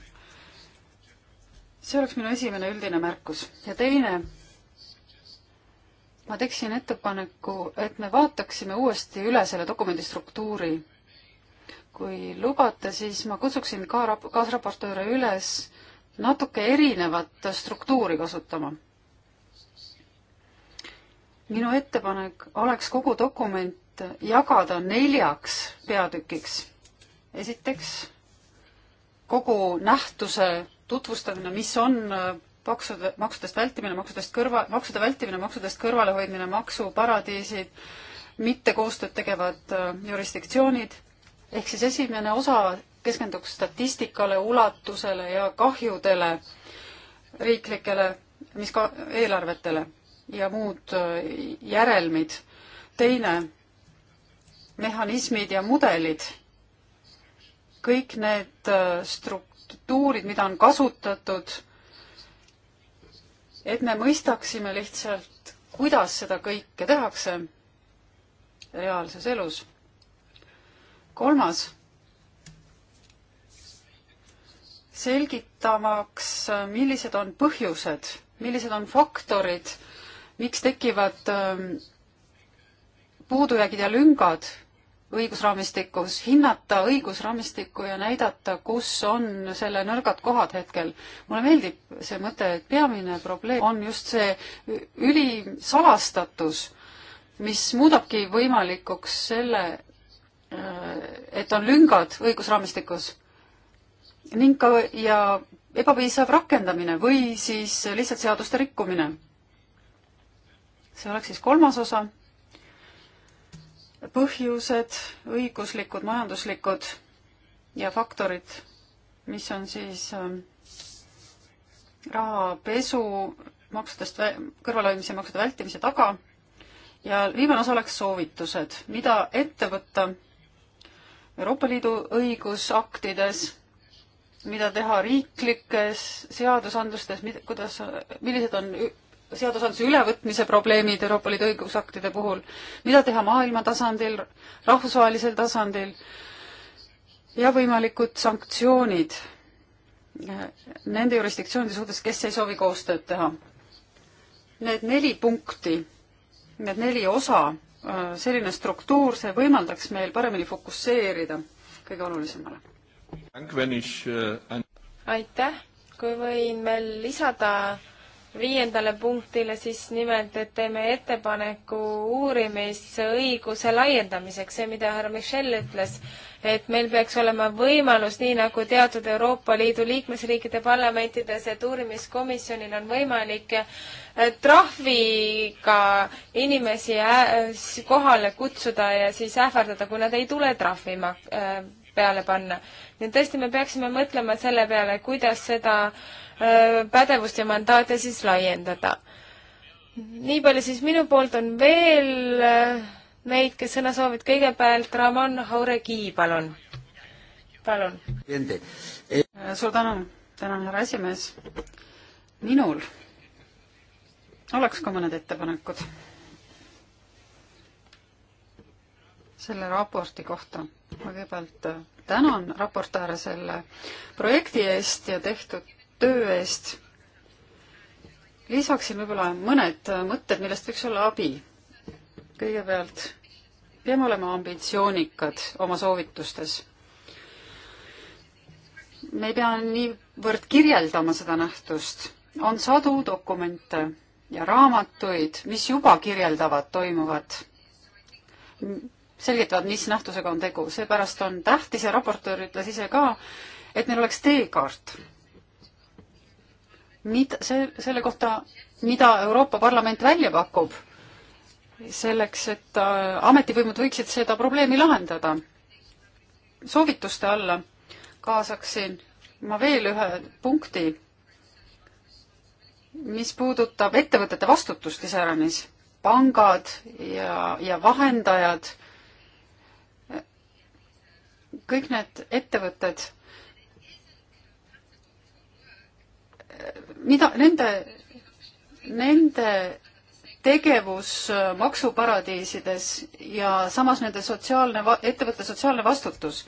see oleks minu esimene üldine märkus ja teine, ma teeksin ettepaneku, et me vaataksime uuesti üle selle dokumendi struktuuri kui lubate, siis ma kutsuksin ka rap-, kaasraportööre üles natuke erinevat struktuuri kasutama. minu ettepanek oleks kogu dokument jagada neljaks peatükiks. esiteks kogu nähtuse tutvustamine, mis on äh, maksude, maksudest vältimine, maksudest kõrva, maksude vältimine, maksudest kõrvalehoidmine, maksuparadiisid, mitte koostööd tegevad äh, jurisdiktsioonid ehk siis esimene osa keskenduks statistikale, ulatusele ja kahjudele riiklikele, mis ka eelarvetele ja muud äh, järelmid. teine, mehhanismid ja mudelid, kõik need äh, struktuurid, mida on kasutatud, et me mõistaksime lihtsalt, kuidas seda kõike tehakse reaalses elus kolmas, selgitamaks, millised on põhjused, millised on faktorid, miks tekivad ähm, puudujäägid ja lüngad õigusraamistikus, hinnata õigusraamistikku ja näidata, kus on selle nõrgad kohad hetkel. mulle meeldib see mõte, et peamine probleem on just see ülisalastatus, mis muudabki võimalikuks selle, et on lüngad õigusraamistikus ning ka ja ebapiisav rakendamine või siis lihtsalt seaduste rikkumine. see oleks siis kolmas osa. põhjused, õiguslikud, majanduslikud ja faktorid, mis on siis ähm, rahapesu maksudest kõrvalehoidmise ja maksude vältimise taga. ja viimane osa oleks soovitused, mida ette võtta Euroopa Liidu õigusaktides, mida teha riiklikes seadusandlustes, kuidas, millised on seadusandluse ülevõtmise probleemid Euroopa Liidu õigusaktide puhul, mida teha maailma tasandil, rahvusvahelisel tasandil ja võimalikud sanktsioonid nende jurisdiktsioonide suhtes, kes ei soovi koostööd teha. Need neli punkti, need neli osa selline struktuur, see võimaldaks meil paremini fokusseerida kõige olulisemale. Äh, aitäh, kui võin veel lisada viiendale punktile, siis nimelt, et teeme ettepaneku uurimisõiguse laiendamiseks, see, mida härra Michel ütles, et meil peaks olema võimalus, nii nagu teatud Euroopa Liidu liikmesriikide parlamentides, et uurimiskomisjonil on võimalik eh, trahviga inimesi äh, kohale kutsuda ja siis ähvardada, kui nad ei tule trahvima äh, peale panna. nii et tõesti, me peaksime mõtlema selle peale, kuidas seda pädevust ja mandaate siis laiendada. nii palju siis minu poolt on veel neid, kes sõna soovivad, kõigepealt Ramon Hauregi, palun. palun. suur tänu, tänan, härra esimees. minul oleks ka mõned ettepanekud selle raporti kohta. ma kõigepealt äh, tänan raportööre selle projekti eest ja tehtud töö eest. lisaksin võib-olla mõned äh, mõtted, millest võiks olla abi. kõigepealt peame olema ambitsioonikad oma soovitustes. me ei pea niivõrd kirjeldama seda nähtust, on sadu dokumente ja raamatuid, mis juba kirjeldavad toimuvat selgitavad, mis nähtusega on tegu, seepärast on tähtis ja raportöör ütles ise ka, et meil oleks teekaart. mida, see, selle kohta, mida Euroopa Parlament välja pakub, selleks, et äh, ametivõimud võiksid seda probleemi lahendada. soovituste alla kaasaksin ma veel ühe punkti, mis puudutab ettevõtete vastutust iseäranis. pangad ja, ja vahendajad kõik need ettevõtted, mida nende, nende tegevus maksuparadiisides ja samas nende sotsiaalne, ettevõtte sotsiaalne vastutus.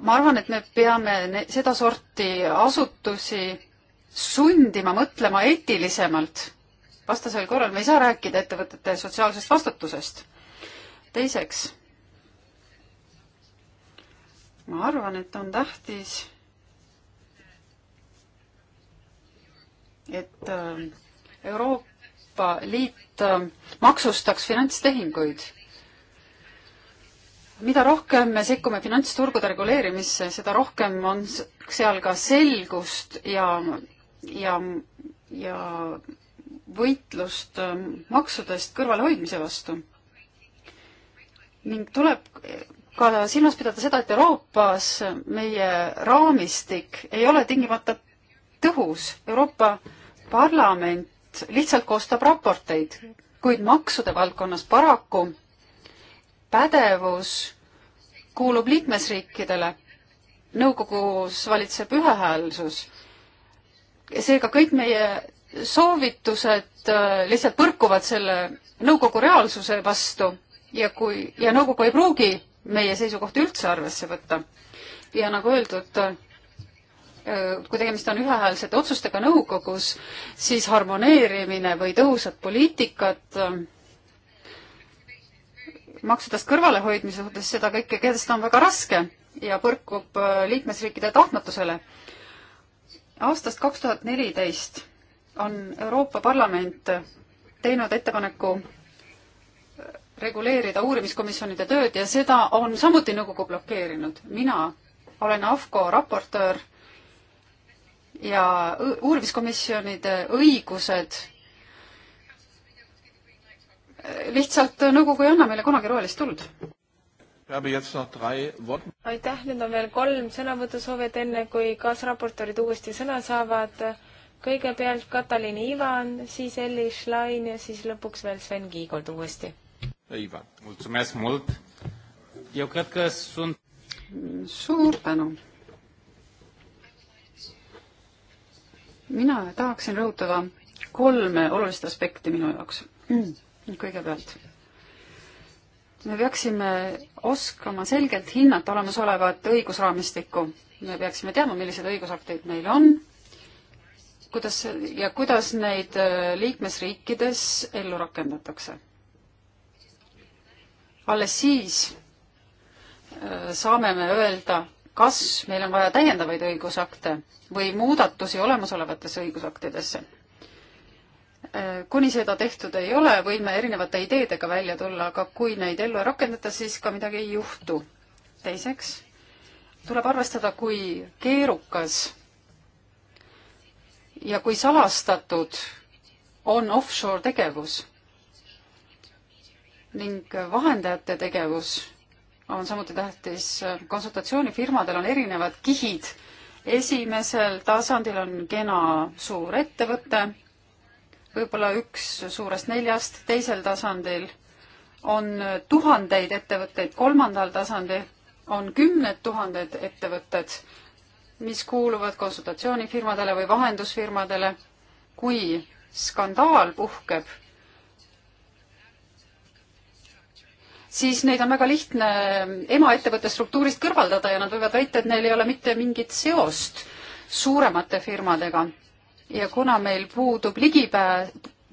ma arvan, et me peame sedasorti asutusi sundima mõtlema eetilisemalt. vastasel korral me ei saa rääkida ettevõtete sotsiaalsest vastutusest teiseks, ma arvan, et on tähtis, et äh, Euroopa Liit äh, maksustaks finantstehinguid. mida rohkem me sekkume finantsturgude reguleerimisse, seda rohkem on seal ka selgust ja, ja, ja võitlust äh, maksudest kõrvalehoidmise vastu ning tuleb ka silmas pidada seda, et Euroopas meie raamistik ei ole tingimata tõhus. Euroopa Parlament lihtsalt koostab raporteid, kuid maksude valdkonnas paraku pädevus kuulub liikmesriikidele. nõukogus valitseb ühehäälsus. seega kõik meie soovitused äh, lihtsalt põrkuvad selle nõukogu reaalsuse vastu ja kui, ja nõukogu ei pruugi meie seisukohti üldse arvesse võtta. ja nagu öeldud, äh, kui tegemist on ühehäälsete otsustega nõukogus, siis harmoneerimine või tõhusad poliitikad äh, maksudest kõrvalehoidmise suhtes, seda kõike kehtestada on väga raske ja põrkub äh, liikmesriikide tahtmatusele. aastast kaks tuhat neliteist on Euroopa Parlament teinud ettepaneku reguleerida uurimiskomisjonide tööd ja seda on samuti nõukogu blokeerinud. mina olen AFCO raportöör ja uurimiskomisjonide õigused lihtsalt nõukogu ei anna meile kunagi rohelist tuld. aitäh, nüüd on veel kolm sõnavõtusoovijat, enne kui kaasraportöörid uuesti sõna saavad. kõigepealt Katalin Ivan, siis Elli Schlein ja siis lõpuks veel Sven Kiigold uuesti Ivan, mulțumesc mult. Eu cred că sunt... Suur tänu. mina tahaksin rõhutada kolme olulist aspekti minu jaoks. kõigepealt, me peaksime oskama selgelt hinnata olemasolevat õigusraamistikku. me peaksime teadma, millised õigusaktid meil on, kuidas ja kuidas neid äh, liikmesriikides ellu rakendatakse alles siis äh, saame me öelda, kas meil on vaja täiendavaid õigusakte või muudatusi olemasolevatesse õigusaktidesse. Äh, kuni seda tehtud ei ole, võime erinevate ideedega välja tulla, aga kui neid ellu ei rakendata, siis ka midagi ei juhtu. teiseks tuleb arvestada, kui keerukas ja kui salastatud on offshore tegevus ning vahendajate tegevus on samuti tähtis. konsultatsioonifirmadel on erinevad kihid. esimesel tasandil on kena suur ettevõte, võib-olla üks suurest neljast, teisel tasandil on tuhandeid ettevõtteid, kolmandal tasandil on kümned tuhanded ettevõtted, mis kuuluvad konsultatsioonifirmadele või vahendusfirmadele. kui skandaal puhkeb siis neid on väga lihtne emaettevõtte struktuurist kõrvaldada ja nad võivad väita, et neil ei ole mitte mingit seost suuremate firmadega. ja kuna meil puudub ligipääs,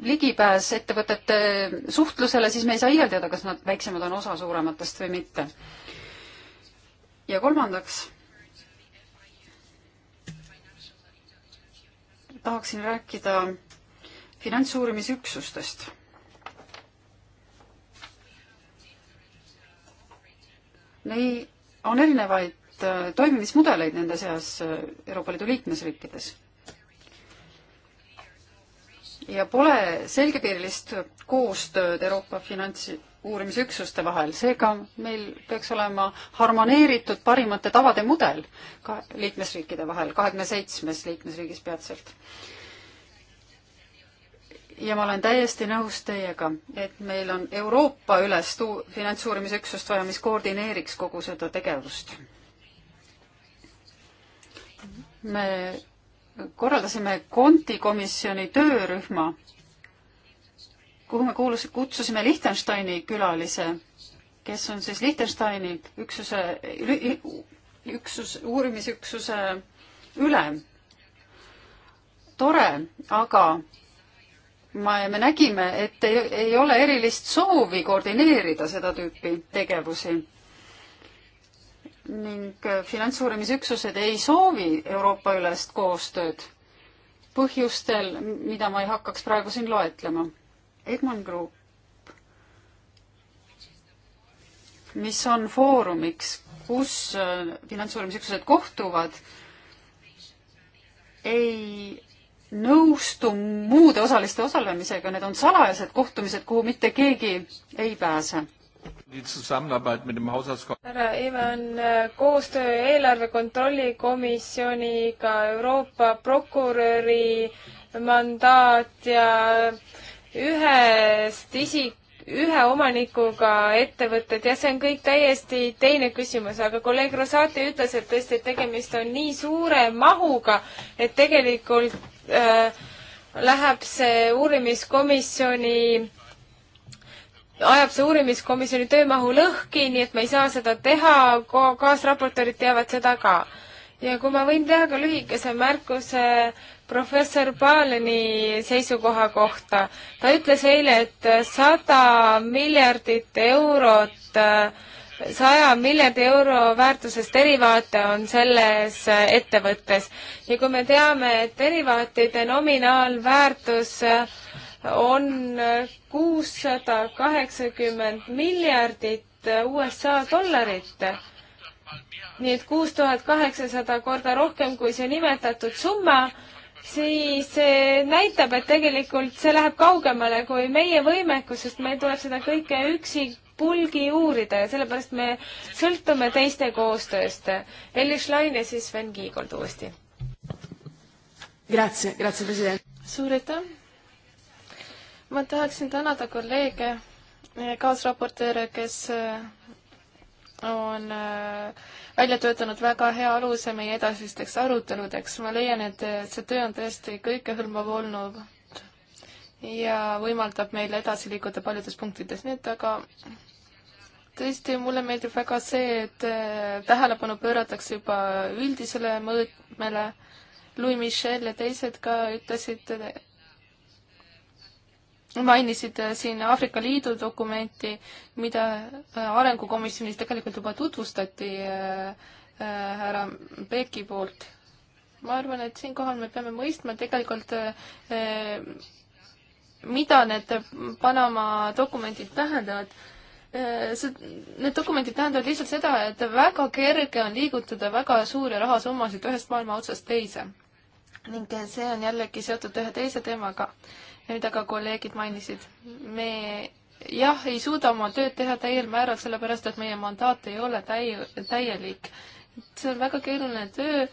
ligipääs ettevõtete suhtlusele, siis me ei saa iial teada, kas nad väiksemad on osa suurematest või mitte. ja kolmandaks tahaksin rääkida finantsuurimisüksustest Nei-, on erinevaid äh, toimimismudeleid nende seas äh, Euroopa Liidu liikmesriikides. ja pole selgepiirilist koostööd Euroopa finantsuurimisüksuste vahel, seega meil peaks olema harmoneeritud parimate tavade mudel ka liikmesriikide vahel, kahekümne seitsmes liikmesriigis peatselt ja ma olen täiesti nõus teiega, et meil on Euroopa üles finantsuurimisüksust vaja, mis koordineeriks kogu seda tegevust. me korraldasime Konti komisjoni töörühma, kuhu me kuulus, kutsusime Liechtensteini külalise, kes on siis Liechtensteini üksuse, üksus, uurimisüksuse ülem. tore, aga ma, me nägime, et ei, ei ole erilist soovi koordineerida seda tüüpi tegevusi. ning äh, finantsuurimisüksused ei soovi Euroopa-ülest koostööd põhjustel, mida ma ei hakkaks praegu siin loetlema. Egmont Group, mis on foorumiks, kus äh, finantsuurimisüksused kohtuvad, ei nõustu muude osaliste osalemisega, need on salajased kohtumised, kuhu mitte keegi ei pääse. härra Ivan, äh, koostöö eelarve kontrollikomisjoniga, Euroopa prokuröri mandaat ja ühest isik, ühe omanikuga ettevõtted ja see on kõik täiesti teine küsimus, aga kolleeg Rosati ütles, et tõesti, et tegemist on nii suure mahuga, et tegelikult äh, läheb see uurimiskomisjoni ajab see uurimiskomisjoni töömahu lõhki, nii et me ei saa seda teha, kaasraportorid teavad seda ka. ja kui ma võin teha ka lühikese märkuse äh, professor Paleni seisukoha kohta. ta ütles eile, et sada miljardit eurot, saja miljardi euro väärtuses derivaate on selles ettevõttes ja kui me teame, et derivaatide nominaalväärtus on kuussada kaheksakümmend miljardit USA dollarit, nii et kuus tuhat kaheksasada korda rohkem kui see nimetatud summa, siis see näitab, et tegelikult see läheb kaugemale kui meie võimekus, sest meil tuleb seda kõike üksi pulgi uurida ja sellepärast me sõltume teiste koostööst. Elli Schlein ja siis Sven Kiigold uuesti. Grazie, grazie, president. suur aitäh. ma tahaksin tänada kolleege, kaasraportööre, kes on äh, välja töötanud väga hea aluse meie edasisteks aruteludeks. ma leian, et see töö on tõesti kõikehõlmav olnud ja võimaldab meil edasi liikuda paljudes punktides, nii et aga tõesti, mulle meeldib väga see, et äh, tähelepanu pööratakse juba üldisele mõõtmele. Louis Michel ja teised ka ütlesid mainisid äh, siin Aafrika Liidu dokumenti, mida äh, Arengukomisjonis tegelikult juba tutvustati äh, härra Beki poolt. ma arvan, et siinkohal me peame mõistma tegelikult, mida need Panama dokumendid tähendavad see, need dokumendid tähendavad lihtsalt seda, et väga kerge on liigutada väga suuri rahasummasid ühest maailma otsast teise. ning see on jällegi seotud ühe teise teemaga mida ka kolleegid mainisid. me jah, ei suuda oma tööd teha täiel määral, sellepärast et meie mandaat ei ole täi-, täielik. see on väga keeruline töö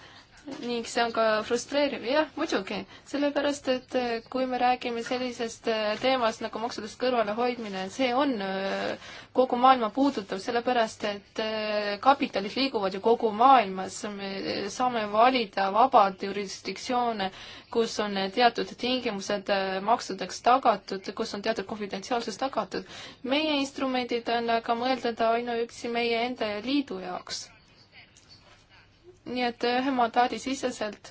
ning see on ka frustreeriv, jah, muidugi, sellepärast et äh, kui me räägime sellisest äh, teemast nagu maksudest kõrvalehoidmine, see on äh, kogu maailma puudutav, sellepärast et kapitalid liiguvad ju kogu maailmas, me saame valida vabad jurisdiktsioone, kus on teatud tingimused maksudeks tagatud, kus on teatud konfidentsiaalsus tagatud. meie instrumendid on aga mõeldud ainuüksi meie enda liidu jaoks nii et eh, ühe mandaadi siseselt,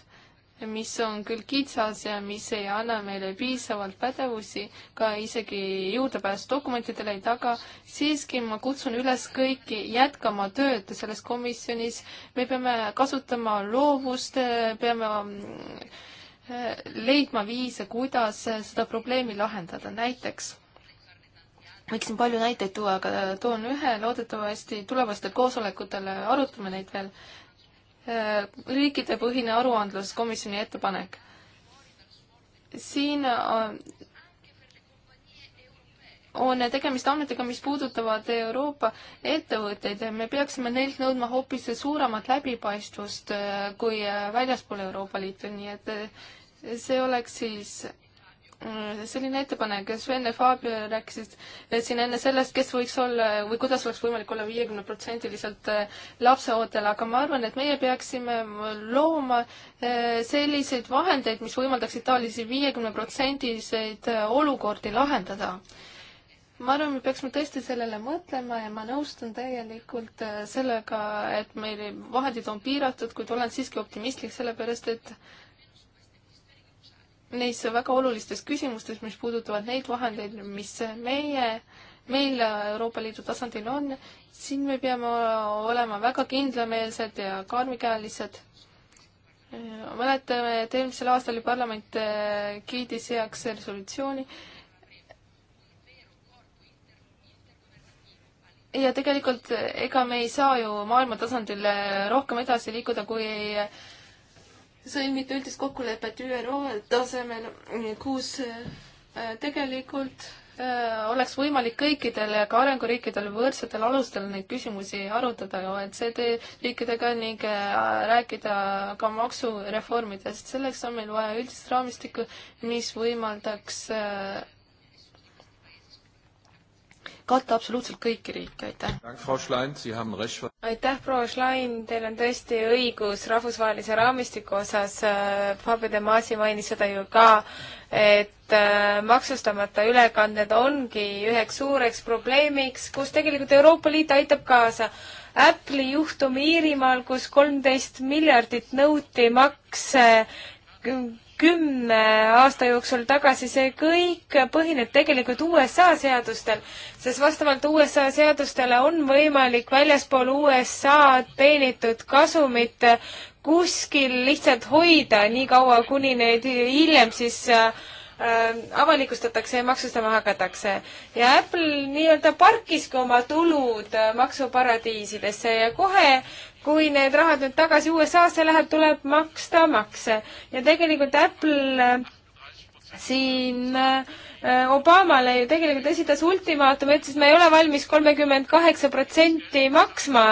mis on küll kitsas ja mis ei anna meile piisavalt pädevusi, ka isegi juurdepääs dokumentidele ei taga, siiski ma kutsun üles kõiki jätkama tööd selles komisjonis. me peame kasutama loovust, eh, peame eh, leidma viise, kuidas seda probleemi lahendada, näiteks võiks siin palju näiteid tuua, aga toon ühe, loodetavasti tulevastel koosolekutel arutame neid veel. Äh, riikidepõhine aruandlus, komisjoni ettepanek. siin äh, on tegemist andmetega, mis puudutavad Euroopa ettevõtteid. me peaksime neilt nõudma hoopis suuremat läbipaistvust äh, kui väljaspool Euroopa Liitu, nii et see oleks siis Äh, selline ettepanek, Sven ja Fabio rääkisid siin enne sellest, kes võiks olla või kuidas oleks võimalik olla viiekümneprotsendiliselt äh, lapseootel, aga ma arvan, et meie peaksime looma äh, selliseid vahendeid, mis võimaldaksid taolisi viiekümneprotsendiseid olukordi lahendada ma arvan, me peaksime tõesti sellele mõtlema ja ma nõustun täielikult sellega, et meil vahendid on piiratud, kuid olen siiski optimistlik, sellepärast et äh, neis väga olulistes küsimustes, mis puudutavad neid vahendeid, mis meie, meil Euroopa Liidu tasandil on, siin me peame olema väga kindlameelsed ja karmikäelised. mäletame, et eelmisel aastal ju parlament eh, kiidis heaks resolutsiooni ja tegelikult ega me ei saa ju maailma tasandil rohkem edasi liikuda, kui ei sõlmiti üldist kokkulepet ÜRO tasemel, kus äh, tegelikult äh, oleks võimalik kõikidel ka arenguriikidel võrdsetel alustel neid küsimusi arutada OECD riikidega ning äh, rääkida ka maksureformidest. selleks on meil vaja üldist raamistikku, mis võimaldaks katta absoluutselt kõiki riike, aitäh. aitäh, proua Schlein, teil on tõesti õigus rahvusvahelise raamistiku osas, Fabio De Masi mainis seda ju ka, et äh, maksustamata ülekanded ongi üheks suureks probleemiks, kus tegelikult Euroopa Liit aitab kaasa Apple'i juhtum Iirimaal, kus kolmteist miljardit nõuti makse kümne aasta jooksul tagasi, see kõik põhineb tegelikult USA seadustel, sest vastavalt USA seadustele on võimalik väljaspool USA-d teenitud kasumit kuskil lihtsalt hoida nii kaua, kuni neid hiljem siis äh, avalikustatakse ja maksustama hakatakse. ja Apple nii-öelda parkiski oma tulud äh, maksuparadiisidesse ja kohe kui need rahad nüüd tagasi USA-sse läheb, tuleb maksta makse ja tegelikult Apple äh, siin äh, Obamale ju tegelikult esitas ultimaatum, ütles, et me ei ole valmis kolmekümmend kaheksa protsenti maksma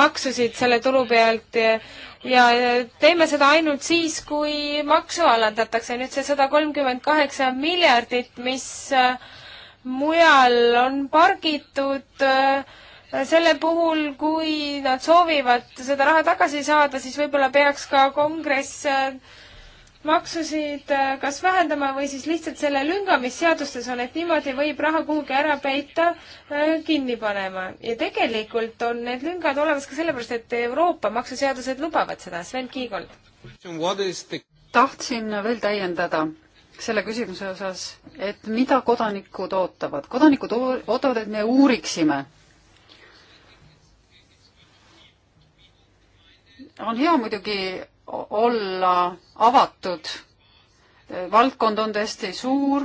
maksusid selle tulu pealt ja teeme seda ainult siis, kui maksu alandatakse. nüüd see sada kolmkümmend kaheksa miljardit, mis äh, mujal on pargitud äh, selle puhul, kui nad soovivad seda raha tagasi saada, siis võib-olla peaks ka kongress äh, maksusid äh, kas vähendama või siis lihtsalt selle lünga, mis seadustes on, et niimoodi võib raha kuhugi ära peita, äh, kinni panema. ja tegelikult on need lüngad olemas ka sellepärast, et Euroopa maksuseadused lubavad seda. Sven Kiigold. tahtsin veel täiendada selle küsimuse osas, et mida kodanikud ootavad. kodanikud ootavad, et me uuriksime on hea muidugi olla avatud, valdkond on tõesti suur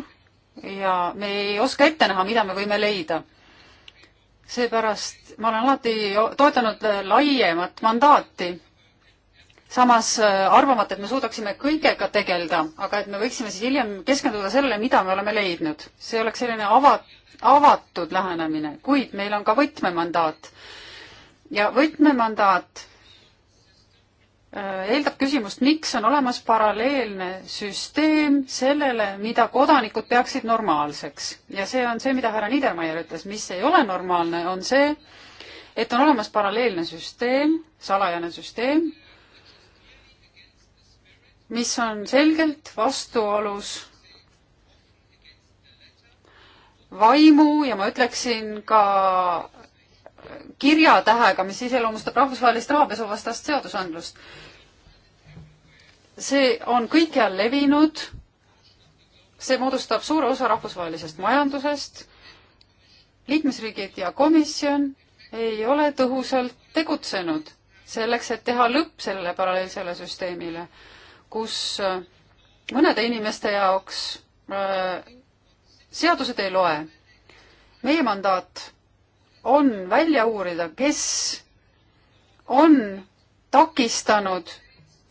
ja me ei oska ette näha, mida me võime leida. seepärast ma olen alati toetanud laiemat mandaati, samas äh, arvamata, et me suudaksime kõigega tegeleda, aga et me võiksime siis hiljem keskenduda sellele, mida me oleme leidnud. see oleks selline ava-, avatud lähenemine, kuid meil on ka võtmemandaat. ja võtmemandaat Äh, eeldab küsimust, miks on olemas paralleelne süsteem sellele, mida kodanikud peaksid normaalseks. ja see on see, mida härra Niedermayer ütles, mis ei ole normaalne, on see, et on olemas paralleelne süsteem, salajane süsteem, mis on selgelt vastuolus vaimu ja ma ütleksin ka kirjatähega, mis iseloomustab rahvusvahelist rahapesuvastast seadusandlust. see on kõikjal levinud, see moodustab suure osa rahvusvahelisest majandusest, liikmesriigid ja komisjon ei ole tõhusalt tegutsenud selleks, et teha lõpp sellele paralleelsele süsteemile, kus äh, mõnede inimeste jaoks äh, seadused ei loe. meie mandaat on välja uurida, kes on takistanud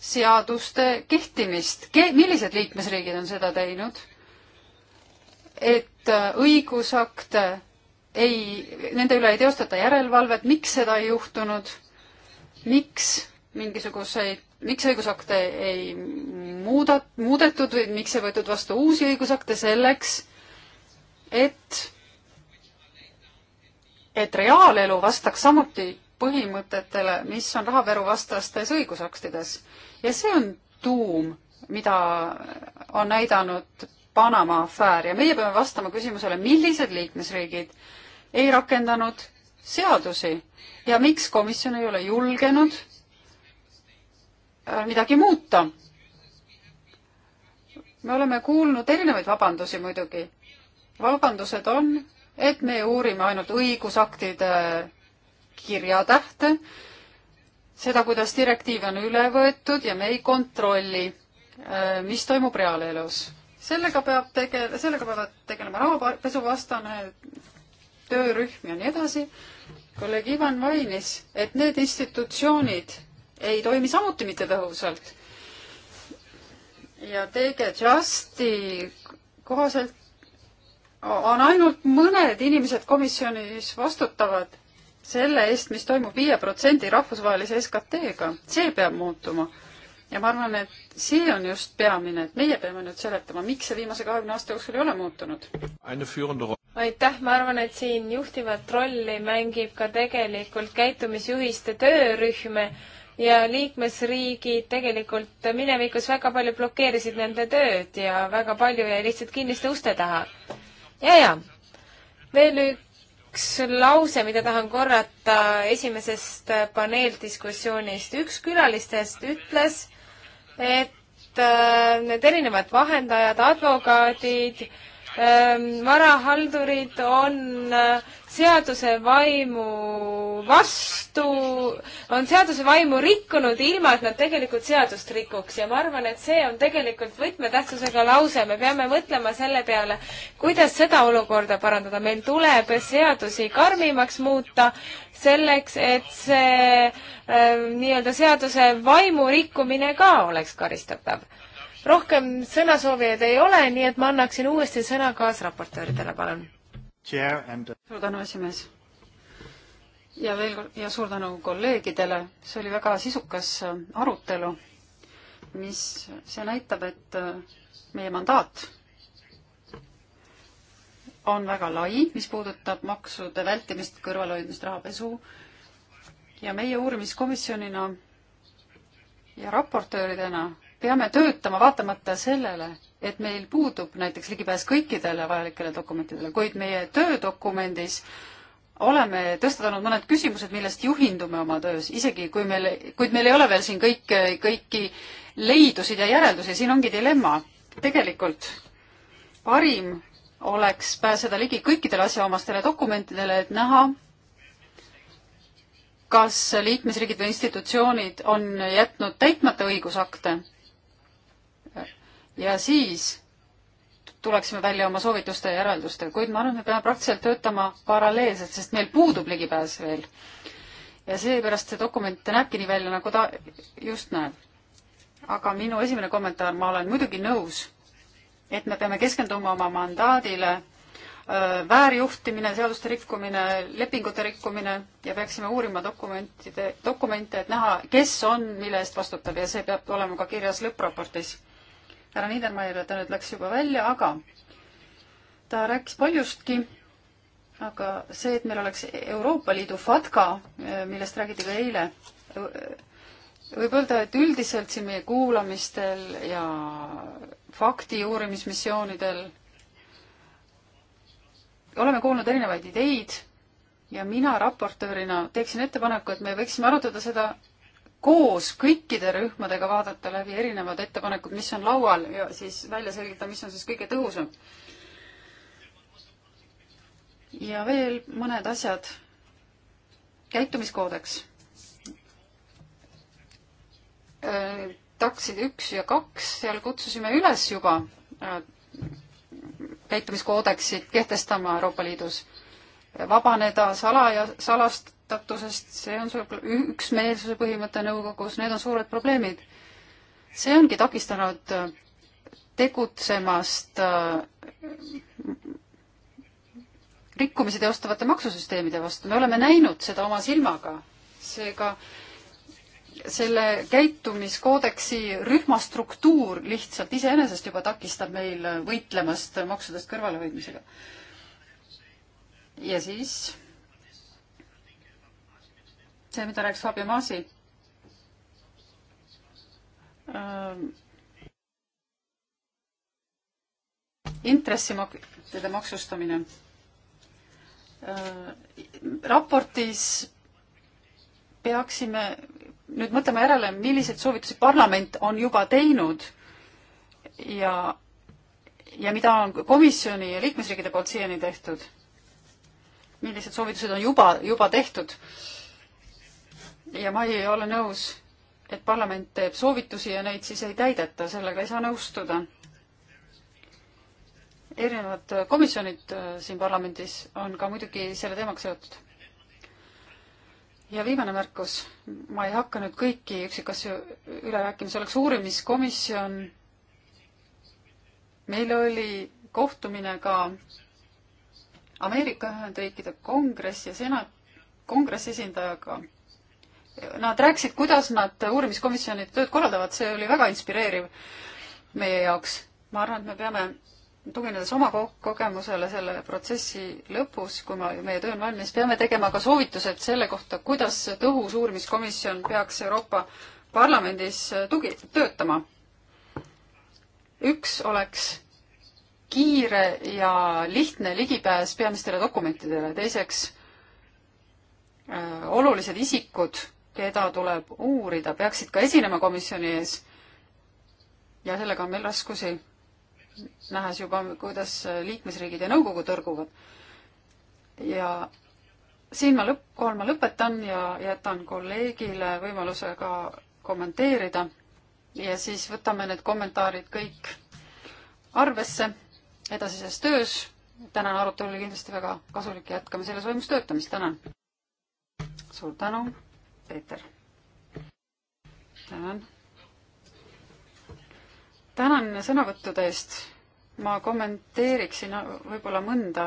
seaduste kehtimist Ke, millised liikmesriigid on seda teinud, et äh, õigusakte ei, nende üle ei teostata järelevalvet, miks seda ei juhtunud, miks mingisuguseid, miks õigusakte ei muuda, muudetud või miks ei võetud vastu uusi õigusakte selleks, et et reaalelu vastaks samuti põhimõtetele, mis on rahapäruvastastes õigusaktides. ja see on tuum, mida on näidanud Panama afäär ja meie peame vastama küsimusele, millised liikmesriigid ei rakendanud seadusi ja miks komisjon ei ole julgenud äh, midagi muuta. me oleme kuulnud erinevaid vabandusi muidugi. vabandused on et me uurime ainult õigusaktide kirjatähte, seda, kuidas direktiiv on üle võetud ja me ei kontrolli, äh, mis toimub reaalelus. sellega peab tege-, sellega peavad tegelema rahapesuvastane töörühm ja nii edasi. kolleeg Ivan mainis, et need institutsioonid ei toimi samuti mitte tõhusalt. ja TG Justi kohaselt on ainult mõned inimesed komisjonis vastutavad selle eest, mis toimub viie protsendi rahvusvahelise SKT-ga. see peab muutuma. ja ma arvan, et see on just peamine, et meie peame nüüd seletama, miks see viimase kahekümne aasta jooksul ei ole muutunud. aitäh, ma arvan, et siin juhtivat rolli mängib ka tegelikult käitumisjuhiste töörühm ja liikmesriigid tegelikult minevikus väga palju blokeerisid nende tööd ja väga palju jäi lihtsalt kinniste uste taha ja, ja veel üks lause, mida tahan korrata esimesest äh, paneeldiskussioonist. üks külalistest ütles, et äh, need erinevad vahendajad, advokaadid, ähm, varahaldurid on äh, seaduse vaimu vastu, on seaduse vaimu rikkunud, ilma et nad tegelikult seadust rikuks ja ma arvan, et see on tegelikult võtmetähtsusega lause, me peame mõtlema selle peale, kuidas seda olukorda parandada, meil tuleb seadusi karmimaks muuta, selleks, et see äh, nii-öelda seaduse vaimu rikkumine ka oleks karistatav. rohkem sõnasoovijaid ei ole, nii et ma annaksin uuesti sõna kaasraportööridele, palun And... Uh, suur tänu, esimees. ja veel kord ja suur tänu kolleegidele, see oli väga sisukas äh, arutelu, mis, see näitab, et äh, meie mandaat on väga lai, mis puudutab maksude vältimist, kõrvalhoidmist, rahapesu ja meie uurimiskomisjonina ja raportööridena peame töötama vaatamata sellele, et meil puudub näiteks ligipääs kõikidele vajalikele dokumentidele, kuid meie töödokumendis oleme tõstatanud mõned küsimused, millest juhindume oma töös, isegi kui meil, kuid meil ei ole veel siin kõik, kõiki leidusid ja järeldusi, siin ongi dilemma. tegelikult parim oleks pääseda ligi kõikidele asjaomastele dokumentidele, et näha, kas liikmesriigid või institutsioonid on jätnud täitmata õigusakte ja siis tuleksime välja oma soovituste ja järeldustega, kuid ma arvan, et me peame praktiliselt töötama paralleelselt, sest meil puudub ligipääs veel. ja seepärast see dokument näebki nii välja, nagu ta just näeb. aga minu esimene kommentaar, ma olen muidugi nõus, et me peame keskenduma oma mandaadile, väärjuhtimine, seaduste rikkumine, lepingute rikkumine ja peaksime uurima dokumentide, dokumente, et näha, kes on mille eest vastutav ja see peab olema ka kirjas lõppraportis härra Niedermayerile, ta nüüd läks juba välja, aga ta rääkis paljustki, aga see, et meil oleks Euroopa Liidu FATKA, eh, millest räägiti ka eile, eh, võib öelda, et üldiselt siin meie kuulamistel ja fakti uurimismissioonidel oleme kuulnud erinevaid ideid ja mina raportöörina teeksin ettepaneku, et me võiksime arutada seda koos kõikide rühmadega vaadata läbi erinevad ettepanekud, mis on laual ja siis välja selgitada, mis on siis kõige tõhusam. ja veel mõned asjad. käitumiskoodeks. Äh, taksid üks ja kaks, seal kutsusime üles juba äh, käitumiskoodeksit kehtestama Euroopa Liidus. vabaneda salaja, salast vastastatusest, see on üksmeelsuse põhimõte nõukogus, need on suured probleemid. see ongi takistanud tegutsemast äh, rikkumisi teostavate maksusüsteemide vastu, me oleme näinud seda oma silmaga, seega selle käitumiskoodeksi rühmastruktuur lihtsalt iseenesest juba takistab meil võitlemast maksudest kõrvalehoidmisega. ja siis see, mida rääkis Fabio Masi ähm,. intressimakside maksustamine äh,. raportis peaksime nüüd mõtlema järele, milliseid soovitusi parlament on juba teinud ja, ja mida on komisjoni ja liikmesriikide poolt siiani tehtud. millised soovitused on juba, juba tehtud äh, ja ma ei ole nõus, et parlament teeb soovitusi ja neid siis ei täideta, sellega ei saa nõustuda. erinevad komisjonid äh, siin parlamendis on ka muidugi selle teemaga seotud. ja viimane märkus, ma ei hakka nüüd kõiki üksikasju üle rääkima, see oleks uurimiskomisjon. meil oli kohtumine ka Ameerika Ühendriikide kongress ja senat, kongressi esindajaga nad rääkisid, kuidas nad uurimiskomisjonide tööd korraldavad, see oli väga inspireeriv meie jaoks. ma arvan, et me peame tuginedes oma ko kogemusele selle protsessi lõpus, kui me, meie töö on valmis, peame tegema ka soovitused selle kohta, kuidas tõhus uurimiskomisjon peaks Euroopa Parlamendis tugi, töötama. üks oleks kiire ja lihtne ligipääs peamistele dokumentidele, teiseks äh, olulised isikud keda tuleb uurida, peaksid ka esinema komisjoni ees. ja sellega on meil raskusi, nähes juba, kuidas liikmesriigid ja nõukogu tõrguvad. ja siin ma lõpp, kohe ma lõpetan ja jätan kolleegile võimaluse ka kommenteerida ja siis võtame need kommentaarid kõik arvesse edasises töös. tänane arutelu oli kindlasti väga kasulik, jätkame selles vaimus töötamist, tänan! suur tänu! Peeter. tänan. tänan sõnavõttude eest. ma kommenteeriksin võib-olla mõnda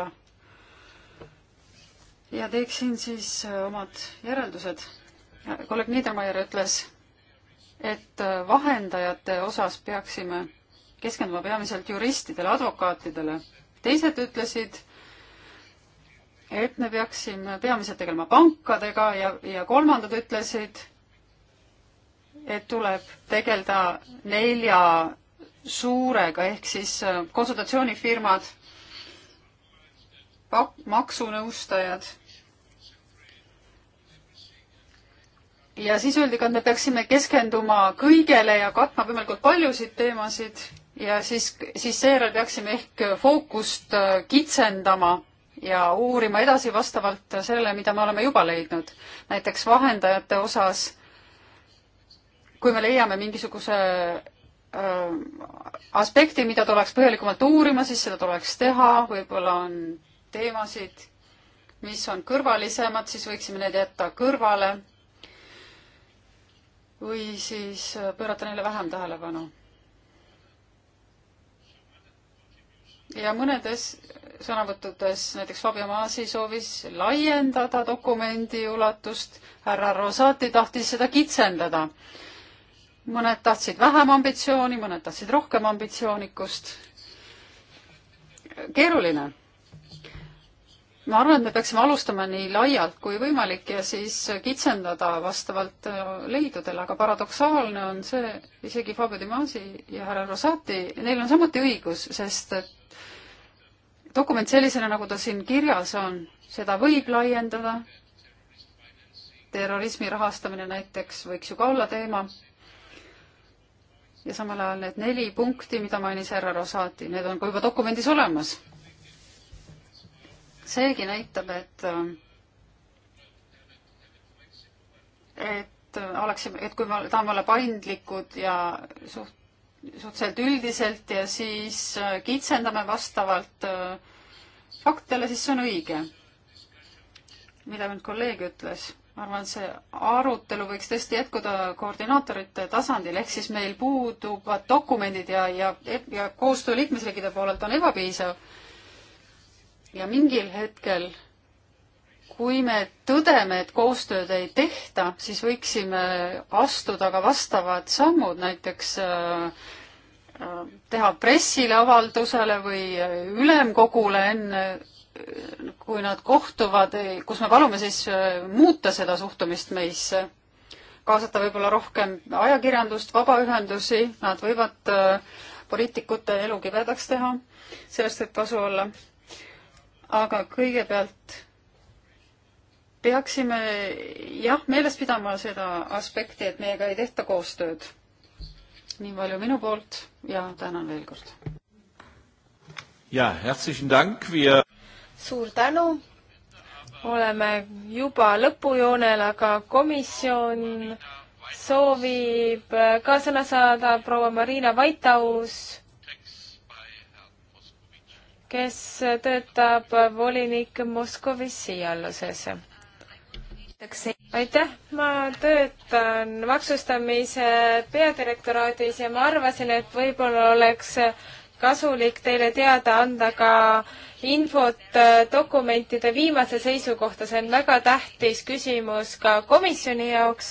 ja teeksin siis äh, omad järeldused. kolleeg Niedermayer ütles, et äh, vahendajate osas peaksime keskenduma peamiselt juristidele, advokaatidele. teised ütlesid, et me peaksime peamiselt tegelema pankadega ja, ja kolmandad ütlesid, et tuleb tegeleda nelja suurega ehk siis äh, konsultatsioonifirmad, maksunõustajad. ja siis öeldi ka, et me peaksime keskenduma kõigele ja katma võimalikult paljusid teemasid ja siis, siis seejärel peaksime ehk fookust äh, kitsendama ja uurima edasi vastavalt sellele, mida me oleme juba leidnud. näiteks vahendajate osas, kui me leiame mingisuguse äh, aspekti, mida tuleks põhjalikumalt uurima, siis seda tuleks teha, võib-olla on teemasid, mis on kõrvalisemad, siis võiksime need jätta kõrvale. või siis äh, pöörata neile vähem tähelepanu. ja mõnedes sõnavõttudes, näiteks Fabio Maasi soovis laiendada dokumendi ulatust, härra Rosati tahtis seda kitsendada. mõned tahtsid vähem ambitsiooni, mõned tahtsid rohkem ambitsioonikust. keeruline. ma arvan, et me peaksime alustama nii laialt kui võimalik ja siis kitsendada vastavalt äh, leidudele, aga paradoksaalne on see, isegi Fabio Di Masi ja härra Rosati, neil on samuti õigus, sest et dokument sellisena, nagu ta siin kirjas on, seda võib laiendada. terrorismi rahastamine näiteks võiks ju ka olla teema. ja samal ajal need neli punkti, mida mainis härra Rosati, need on ka juba dokumendis olemas. seegi näitab, et et oleksime, et kui me tahame olla paindlikud ja suht-, suhteliselt üldiselt ja siis äh, kitsendame vastavalt äh, faktidele, siis see on õige. mida nüüd kolleeg ütles, ma arvan, et see arutelu võiks tõesti jätkuda koordinaatorite tasandil, ehk siis meil puuduvad dokumendid ja, ja, ja koostöö liikmesriikide poolelt on ebapiisav. ja mingil hetkel kui me tõdeme, et koostööd ei tehta, siis võiksime astuda ka vastavad sammud, näiteks äh, äh, teha pressile avaldusele või ülemkogule enne, kui nad kohtuvad, kus me palume siis äh, muuta seda suhtumist meisse, kaasata võib-olla rohkem ajakirjandust, vabaühendusi, nad võivad poliitikute elu kibedaks teha, sellest võib kasu olla. aga kõigepealt peaksime jah, meeles pidama seda aspekti, et meiega ei tehta koostööd. nii palju minu poolt ja tänan veel kord. ja, herzlichen Dank, wir. suur tänu. oleme juba lõpujoonel, aga komisjon soovib ka sõna saada proua Marina Vaitaus, kes töötab volinik Moskovitši alluses aitäh, ma töötan maksustamise peadirektoraadis ja ma arvasin, et võib-olla oleks kasulik teile teada anda ka infot dokumentide viimase seisu kohta, see on väga tähtis küsimus ka komisjoni jaoks.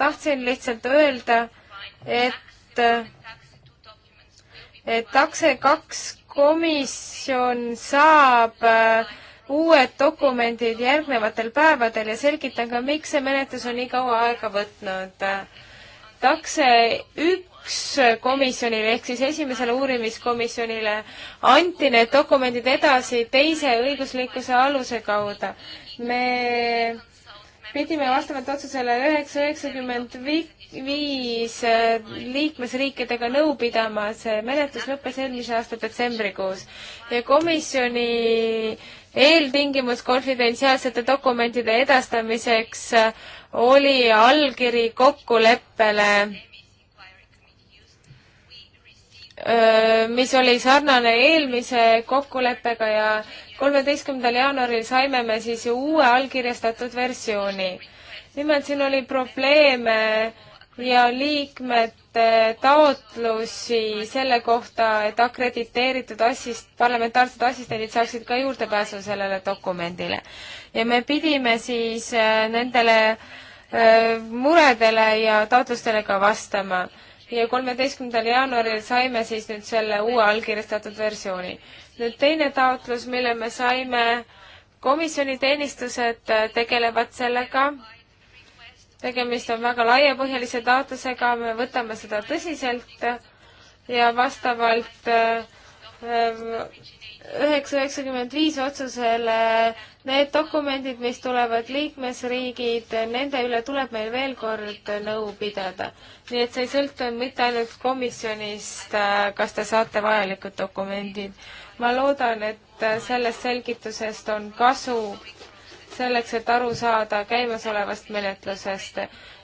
tahtsin lihtsalt öelda, et, et takse kaks komisjon saab äh, uued dokumendid järgnevatel päevadel ja selgitan ka, miks see menetlus on nii kaua aega võtnud. takse üks komisjonile ehk siis esimesele uurimiskomisjonile anti need dokumendid edasi teise õiguslikkuse aluse kaudu. me pidime vastavalt otsusele üheksa, üheksakümmend viis liikmesriikidega nõu pidama, see menetlus lõppes eelmise aasta detsembrikuus ja komisjoni äh, eeltingimus konfidentsiaalsete dokumentide edastamiseks äh, oli allkiri kokkuleppele, äh, mis oli sarnane eelmise kokkuleppega ja kolmeteistkümnendal jaanuaril saime me siis uue allkirjastatud versiooni. nimelt siin oli probleeme ja liikmete taotlusi selle kohta, et akrediteeritud assist-, parlamentaarsed assistendid saaksid ka juurdepääsu sellele dokumendile. ja me pidime siis äh, nendele äh, muredele ja taotlustele ka vastama. ja kolmeteistkümnendal jaanuaril saime siis nüüd selle uue allkirjastatud versiooni. nüüd teine taotlus, mille me saime, komisjoni teenistused äh, tegelevad sellega tegemist on väga laiapõhjalise taotlusega, me võtame seda tõsiselt ja vastavalt äh, äh, üheksa üheksakümmend viis otsusele need dokumendid, mis tulevad liikmesriigid, nende üle tuleb meil veel kord nõu pidada. nii et see ei sõltu mitte ainult komisjonist, äh, kas te saate vajalikud dokumendid. ma loodan, et sellest selgitusest on kasu selleks, et aru saada käimasolevast menetlusest.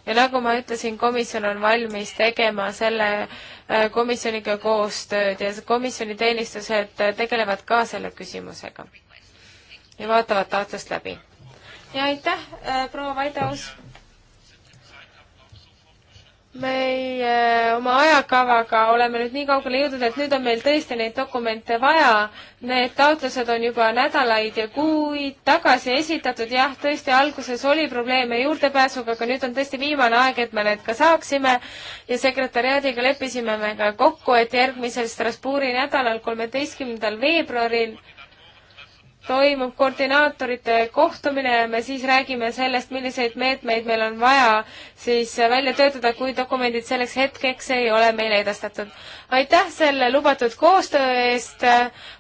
ja nagu ma ütlesin, komisjon on valmis tegema selle äh, komisjoniga koostööd ja komisjoni teenistused äh, tegelevad ka selle küsimusega ja vaatavad taotlust läbi. ja aitäh, äh, proua Vaidaus! meie oma ajakavaga oleme nüüd nii kaugele jõudnud, et nüüd on meil tõesti neid dokumente vaja. Need taotlused on juba nädalaid ja kuid tagasi esitatud, jah, tõesti alguses oli probleeme juurdepääsuga, aga nüüd on tõesti viimane aeg, et me need ka saaksime ja sekretäriaadiga leppisime me ka kokku, et järgmisel Strasbourgi nädalal, kolmeteistkümnendal veebruaril toimub koordinaatorite kohtumine ja me siis räägime sellest, milliseid meetmeid meil on vaja siis välja töötada, kui dokumendid selleks hetkeks ei ole meile edastatud. aitäh selle lubatud koostöö eest,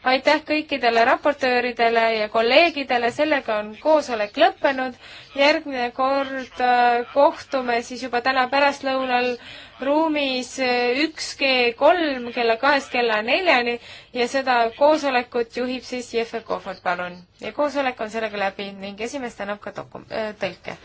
aitäh kõikidele raportööridele ja kolleegidele, sellega on koosolek lõppenud. järgmine kord äh, kohtume siis juba täna pärastlõunal ruumis eh, üks G kolm kella kahest kella neljani ja seda koosolekut juhib siis Jefe Kohvat, palun. ja koosolek on sellega läbi ning esimees tänab ka dokum-, äh, tõlke.